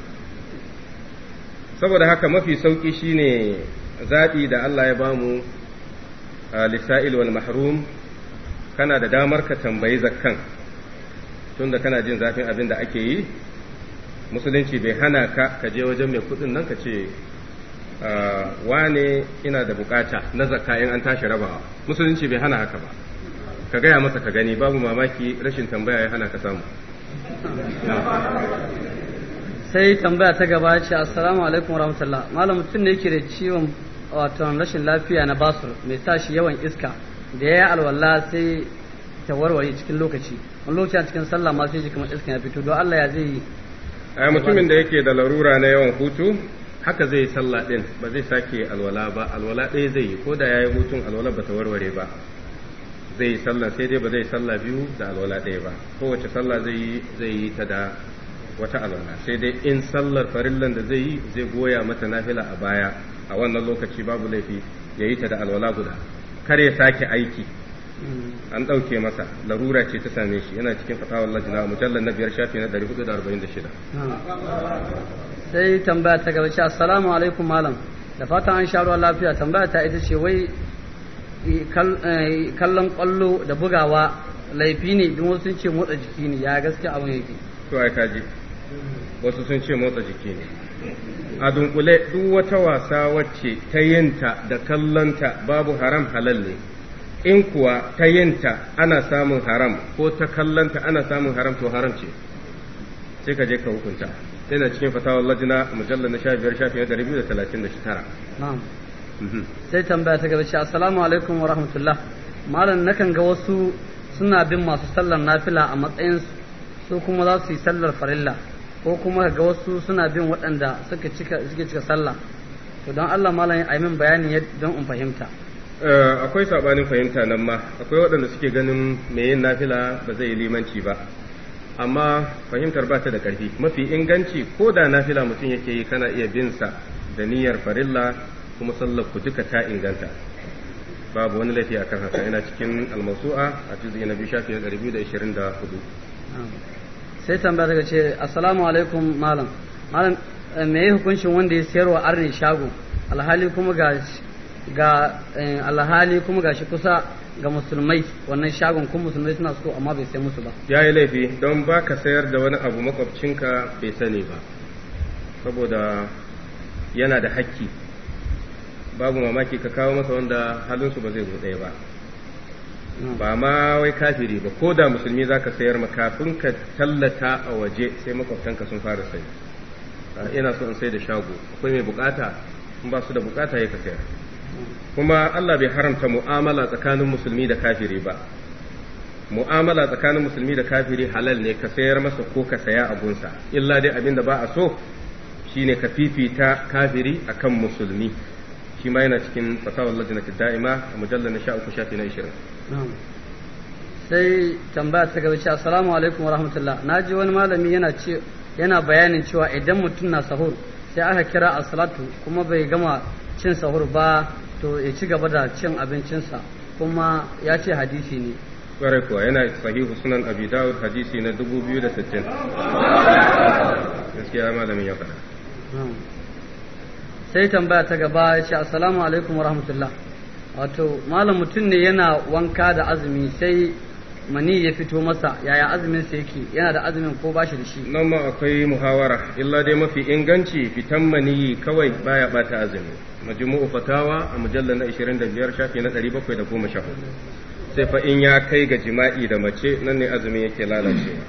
saboda haka mafi sauki shine zaɓi da Allah ya bamu lisa'il wal mahrum kana da damar ka tambayi zakkan tunda kana jin zafin abin da ake yi musulunci bai hana ka ka je wajen mai kuɗin nan ka ce Ah, wane ina da bukata na zakka in an tashi rabawa musulunci bai hana haka ba ka gaya masa ka gani babu mamaki rashin tambaya ya hana ka samu sai tambaya ta gaba ce assalamu alaikum warahmatullah malam mutum ne yake da ciwon wato rashin lafiya na basur mai sa shi yawan iska da ya yi alwala sai ta warware cikin lokaci wani lokaci a cikin sallah ma sai ji kamar iska ya fito don Allah ya zai yi eh, mutumin da yake da larura na yawan hutu haka zai sallah din ba zai sake alwala ba alwala ɗaya zai yi ko da ya yi hutun alwala ba ta warware ba zai yi sallah sai dai ba zai sallah biyu da alwala ɗaya ba kowace sallah zai yi zai yi ta da wata alwala sai dai in sallar farillan da zai yi zai goya mata nafila a baya a wannan lokaci babu laifi ya yi ta da alwala guda kar ya sake aiki an ɗauke masa larura ce ta same shi yana cikin fatawar lajina mujallar na biyar shafi na 446 sai tambaya ta gaba ce assalamu alaikum malam da fatan an sha ruwan lafiya tambaya ta ita ce wai eh, eh, kallon kwallo da bugawa laifi ne don wasu sun ce motsa jiki ne ya gaske abin yake to ai kaji wasu sun ce motsa jiki ne a dunkule duk wata wasa wacce ta yinta da kallonta babu haram halal ne in kuwa ta yinta ana samun haram ko ta kallanta ana samun haram to haram ce sai ka je ka hukunta yana cikin fatawar lajina mujallar na sha biyar shafi da biyu da talatin da tara. Mhm. sai tambaya ta gaba cewa assalamu alaikum wa rahmatullah malam nakan ga wasu suna bin masu sallar nafila a matsayin su kuma za su yi sallar farilla ko kuma ga wasu suna bin waɗanda suke cika sallah to don Allah malam yi min bayani don in fahimta Eh, akwai sabanin fahimta nan ma akwai waɗanda suke ganin mai yin nafila ba zai yi limanci ba amma fahimtar ba ta da ƙarfi mafi inganci ko da nafila mutum yake yi kana iya bin sa da niyyar farilla kuma sallar ku duka ta inganta babu wani laifi kan haka yana cikin almasu'a a juz'i na biyu shafi hudu. sai tambaya daga ce assalamu alaikum malam malam eh, me hukuncin wanda ya sayarwa arni shago alhali kuma ga ga eh, alhali kuma gashi kusa ga musulmai wannan shagon kuma musulmai suna so amma bai sai musu ba ya yi laifi don ba ka sayar da wani abu makwabcinka bai sani ba saboda yana da hakki babu mamaki ka kawo masa wanda halinsu ba zai zo ɗaya ba hmm. ba ma wai kafiri ba ko da musulmi za ka sayar kafin ka tallata a waje sai makwabtanka sun fara sai ah, ina so in sai da shago akwai mai bukata in ba su da bukata ya ka sayar kuma Allah bai haramta mu'amala tsakanin musulmi da kafiri ba mu'amala tsakanin musulmi da kafiri halal ne ka sayar masa ko ka saya abunsa illa dai abin da ba a so shine ka fifita kafiri akan musulmi shi ma yana cikin fatawar lajinatu da'ima a mujallar na uku shafi na ishirin sai tambaya ta gaba ce assalamu alaikum wa rahmatullah na ji wani malami yana ce yana bayanin cewa idan mutum na sahur sai aka kira a salatu kuma bai gama cin sahur ba to ya ci gaba da cin abincinsa kuma ya ce hadisi ne ƙwarai kuwa yana sahihu sunan abi dawud hadisi na 2060 gaskiya malamin ya faɗa hmm. sai tambaya ta gaba ya ce assalamu alaikum wa rahmatullah wato malam mutum ne yana wanka da azumi sai mani ya fito masa yaya azumin sa yake yana da azumin ko bashi da shi nan ma akwai muhawara illa dai mafi inganci fitan mani kawai baya bata azumi majmu'u fatawa a mujallal na 25 shafi na 714 sai fa in ya kai ga jima'i da mace nan ne azumin yake lalacewa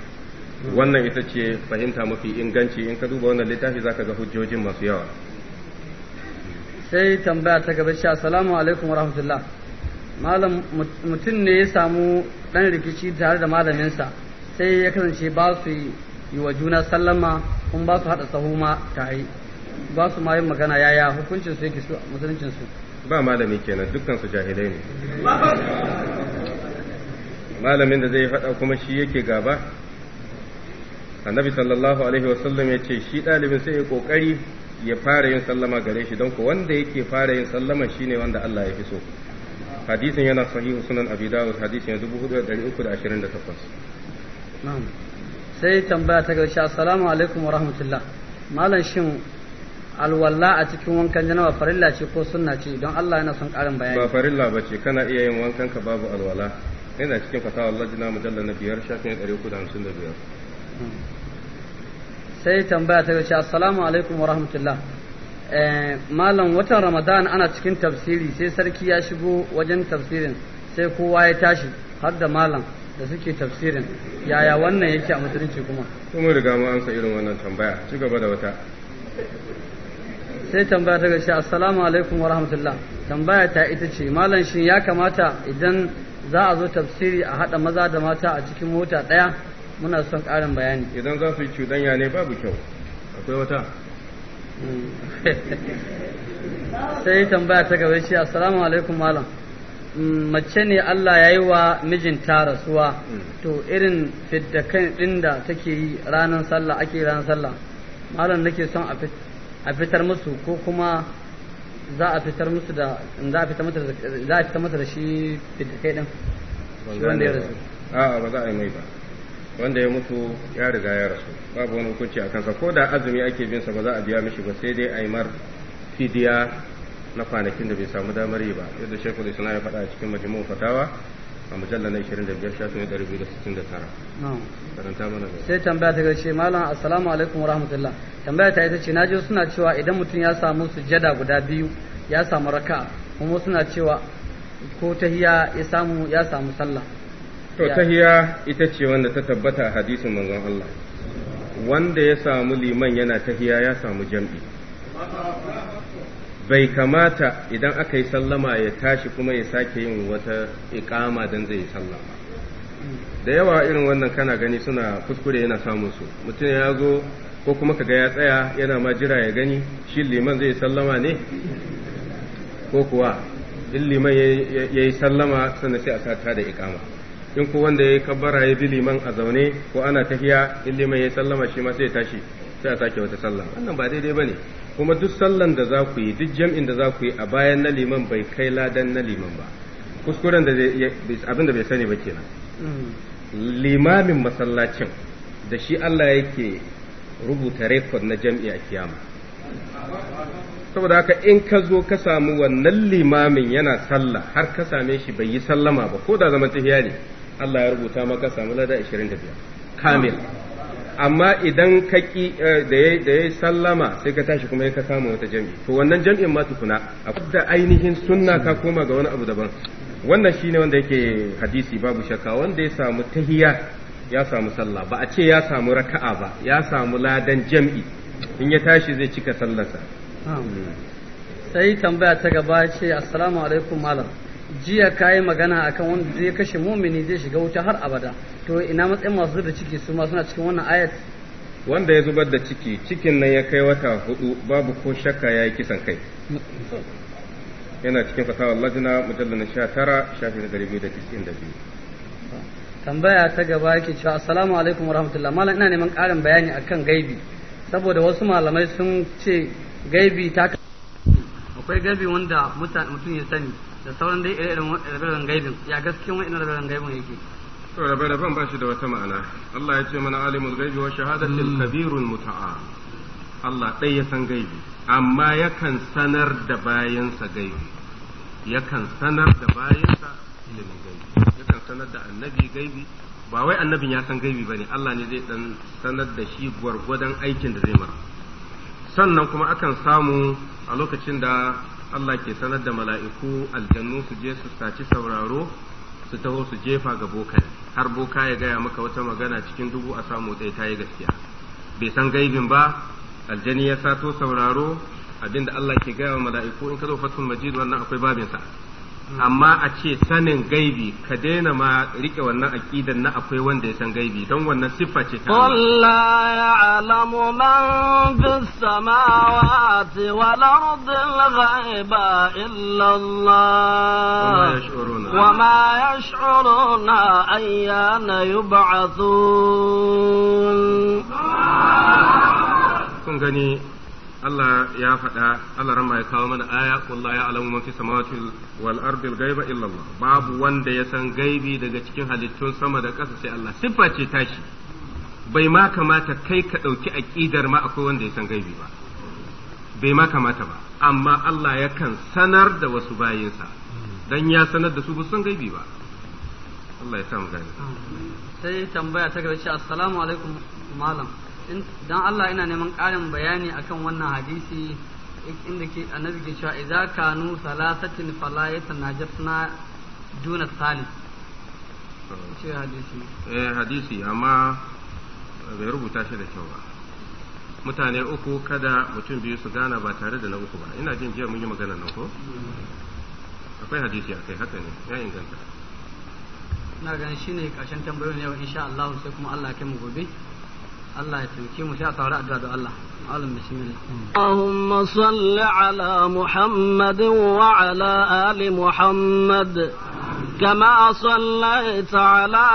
wannan ita ce fahimta mafi inganci in ka duba wannan littafi zaka ga hujjojin masu yawa sai tambaya ta gaba shi assalamu alaikum wa malam mutum ne ya samu ɗan rikici tare da malaminsa sai ya kasance ba su yi wa juna sallama kuma ba su haɗa sahu ma tare ba su ma yin magana yaya hukuncin su yake su musuluncin su ba malami kenan dukkan su jahilai ne malamin da zai faɗa kuma shi yake gaba annabi sallallahu alaihi wasallam ya ce shi ɗalibin sai ya kokari ya fara yin sallama gare shi don ko wanda yake fara yin sallama shine wanda Allah ya fi so hadisin yana sahihu sunan abi dawud hadisin 4328 na'am sai tambaya ta gaishe assalamu alaikum wa rahmatullah malam shin alwalla a cikin wankan janaba farilla ce ko sunna ce don Allah yana son karin bayani ba farilla ba ce kana iya yin wankan ka babu alwala yana cikin fatawa Allah jina mujallal na biyar shafin da da uku hamsin biyar. sai tambaya ta gaishe assalamu alaikum wa rahmatullah Eh, malam watan ramadan ana cikin tafsiri sai sarki ya shigo wajen tafsirin sai kowa ya tashi har da malam da suke tafsirin yaya wannan yake a musulunci kuma kuma riga mu amsa irin wannan tambaya ci gaba da wata sai tambaya ta gashi assalamu alaikum wa rahmatullah tambaya ta ita ce malam shin ya kamata idan za a zo tafsiri a haɗa maza da mata a cikin mota ɗaya muna son ƙarin bayani idan za su yi cuɗanya ne babu kyau akwai wata sai tambaya ta gaba shi assalamu alaikum malam mm, mace ne Allah ya yi wa mijinta rasuwa mm. to irin fidda kan ɗin da take yi ranar sallah ake ranar sallah malam nake son a fitar musu ko kuma za a fitar musu da za a fitar musu da shi fidda kai ɗin wanda ya rasu a ba za a yi mai ba wanda ya mutu ya riga ya rasu babu wani hukunci a kansa ko da azumi ake bin sa ba za a biya mishi ba sai dai a yi mar fidiya na kwanakin da bai samu damar yi ba yadda shekul islam ya faɗa a cikin majmu'u fatawa a mujalla na 25 shafin 269 karanta mana sai tambaya ta gaishe malam assalamu alaikum warahmatullah tambaya ta ita ce naji suna cewa idan mutum ya samu sujada guda biyu ya samu raka kuma suna cewa ko tahiya ya samu ya samu sallah to tahiya ita ce wanda ta tabbata a hadisin manzon Allah wanda ya samu liman yana tahiya ya samu jam'i bai kamata idan aka yi sallama ya tashi kuma ya sake yin wata ikama don zai yi sallama da yawa irin wannan kana gani suna kuskure yana samun su mutum ya zo ko kuma kaga ya tsaya yana ma jira ya gani shi liman zai sallama ne ko kuwa in liman ya yi sallama sannan sai a sata da ikama in ku wanda ya kabbara ya bi liman a zaune ko ana tafiya in liman ya sallama shi ma sai ya tashi sai a sake wata sallah wannan ba daidai bane kuma duk sallan da za ku yi duk jam'in da za ku yi a bayan na liman bai kai ladan na liman ba kuskuren da abin da bai sani ba kenan limamin masallacin da shi Allah yake rubuta rekod na jam'i a kiyama saboda haka in ka zo ka samu wannan limamin yana sallah har ka same shi bai yi sallama ba ko da zaman tafiya ne Allah ya rubuta maka samu lada 25 kamil amma idan ka ki eh, da ya sallama sai ka tashi kuma ka kama wata jam'i to wannan jami'in ma tukuna da ainihin sunna ka koma ga wani abu daban wannan shine wanda yake hadisi babu shakka wanda ya samu tahiya ya samu sallah ba a ce ya samu raka'a ba ya samu ladan jami'i in ya tashi zai cika sallarsa sai tambaya ta gaba ce assalamu alaikum malam jiya ka yi magana akan wanda zai kashe mumini zai shiga wuta har abada to ina matsayin masu zubar da ciki su ma suna cikin wannan ayat wanda ya zubar da ciki cikin nan ya kai wata hudu babu ko shakka ya yi kisan kai yana cikin fatawar lajina mujallar na sha tara shafi na dari biyu da tisin da biyu tambaya ta gaba yake cewa assalamu alaikum wa rahmatullah malam ina neman ƙarin bayani akan gaibi saboda wasu malamai sun ce gaibi ta akwai gaibi wanda mutum ya sani da sauran dai irin rabe-raben gaibin ya gaskiyan wa'in rabe-raben gaibin yake to rabe-raben ba shi da wata ma'ana Allah ya ce mana alimul gaibi wa shahadatil hmm. kabirun muta'a Allah ɗai ya san gaibi amma yakan sanar da bayansa gaibi yakan sanar da bayansa ilimin gaibi yakan sanar da annabi gaibi ba wai annabin ya san gaibi bane Allah ne zai dan sanar da shi gwargwadon aikin da zai mara sannan kuma akan samu a lokacin da Allah ke sanar da mala'iku aljannu su je su saci sauraro su taho su jefa ga bokai har boka ya gaya maka wata magana cikin dubu a samu ɗaya ta yi gaskiya bai san gaibin ba aljani ya sato sauraro abinda Allah ke gaya wa mala'iku in ka zo fatul majid wannan akwai babinsa Mm. amma a ce sanin gaibi ka daina ma rike wannan aqidan na akwai wanda ya san gaibi don wannan siffa ce ta Allah ya'lamu man fis samawati wal ardi al ghaiba illa Allah wa ma yash'uruna ayyana yub'athun kun gani Allah ya faɗa Allah rama ya kawo mana aya kullu ya alamu man fi samawati wal ardi al ghaiba illa Allah babu wanda ya san gaibi daga cikin halittun sama da ƙasa sai Allah siffa ce tashi bai ma kamata kai ka ɗauki aƙidar ma akwai wanda ya san gaibi ba bai ma kamata ba amma Allah ya kan sanar da wasu bayinsa dan ya sanar da su ba san gaibi ba Allah ya sa mu gani sai tambaya ta gaba assalamu alaikum malam dan Allah ina neman ƙarin bayani akan wannan hadisi inda ke annabi ke cewa idza kanu salasatin fala yatanajasna duna salis ce hadisi eh hadisi amma bai rubuta shi da kyau ba mutane uku kada mutum biyu su gana ba tare da na uku ba ina jin jiya mun yi magana nan ko akwai hadisi akai haka ne ya inganta ina ganin shine karshen tambayoyin yau insha Allah sai kuma Allah ya kai mu gobe الله يسلمك مش طارق دعاء الله علم بسم الله اللهم صل على محمد وعلى آل محمد كما صليت على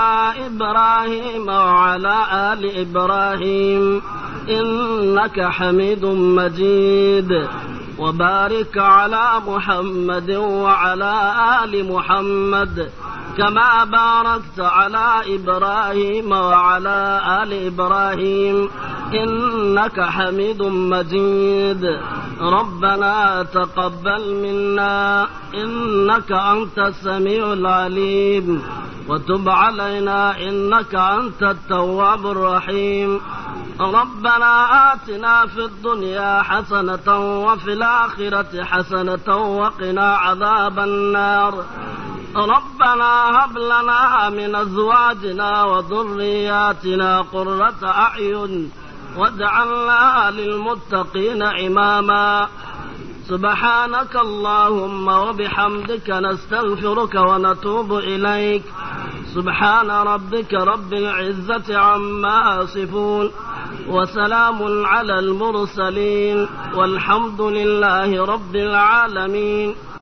إبراهيم وعلى آل إبراهيم إنك حميد مجيد وبارك على محمد وعلى آل محمد كما باركت على إبراهيم وعلى آل إبراهيم إنك حميد مجيد ربنا تقبل منا إنك أنت السميع العليم وتب علينا إنك أنت التواب الرحيم ربنا آتنا في الدنيا حسنة وفي الآخرة حسنة وقنا عذاب النار ربنا هب لنا من أزواجنا وذرياتنا قرة أعين واجعلنا للمتقين إماما سبحانك اللهم وبحمدك نستغفرك ونتوب إليك سبحان ربك رب العزة عما يصفون وسلام على المرسلين والحمد لله رب العالمين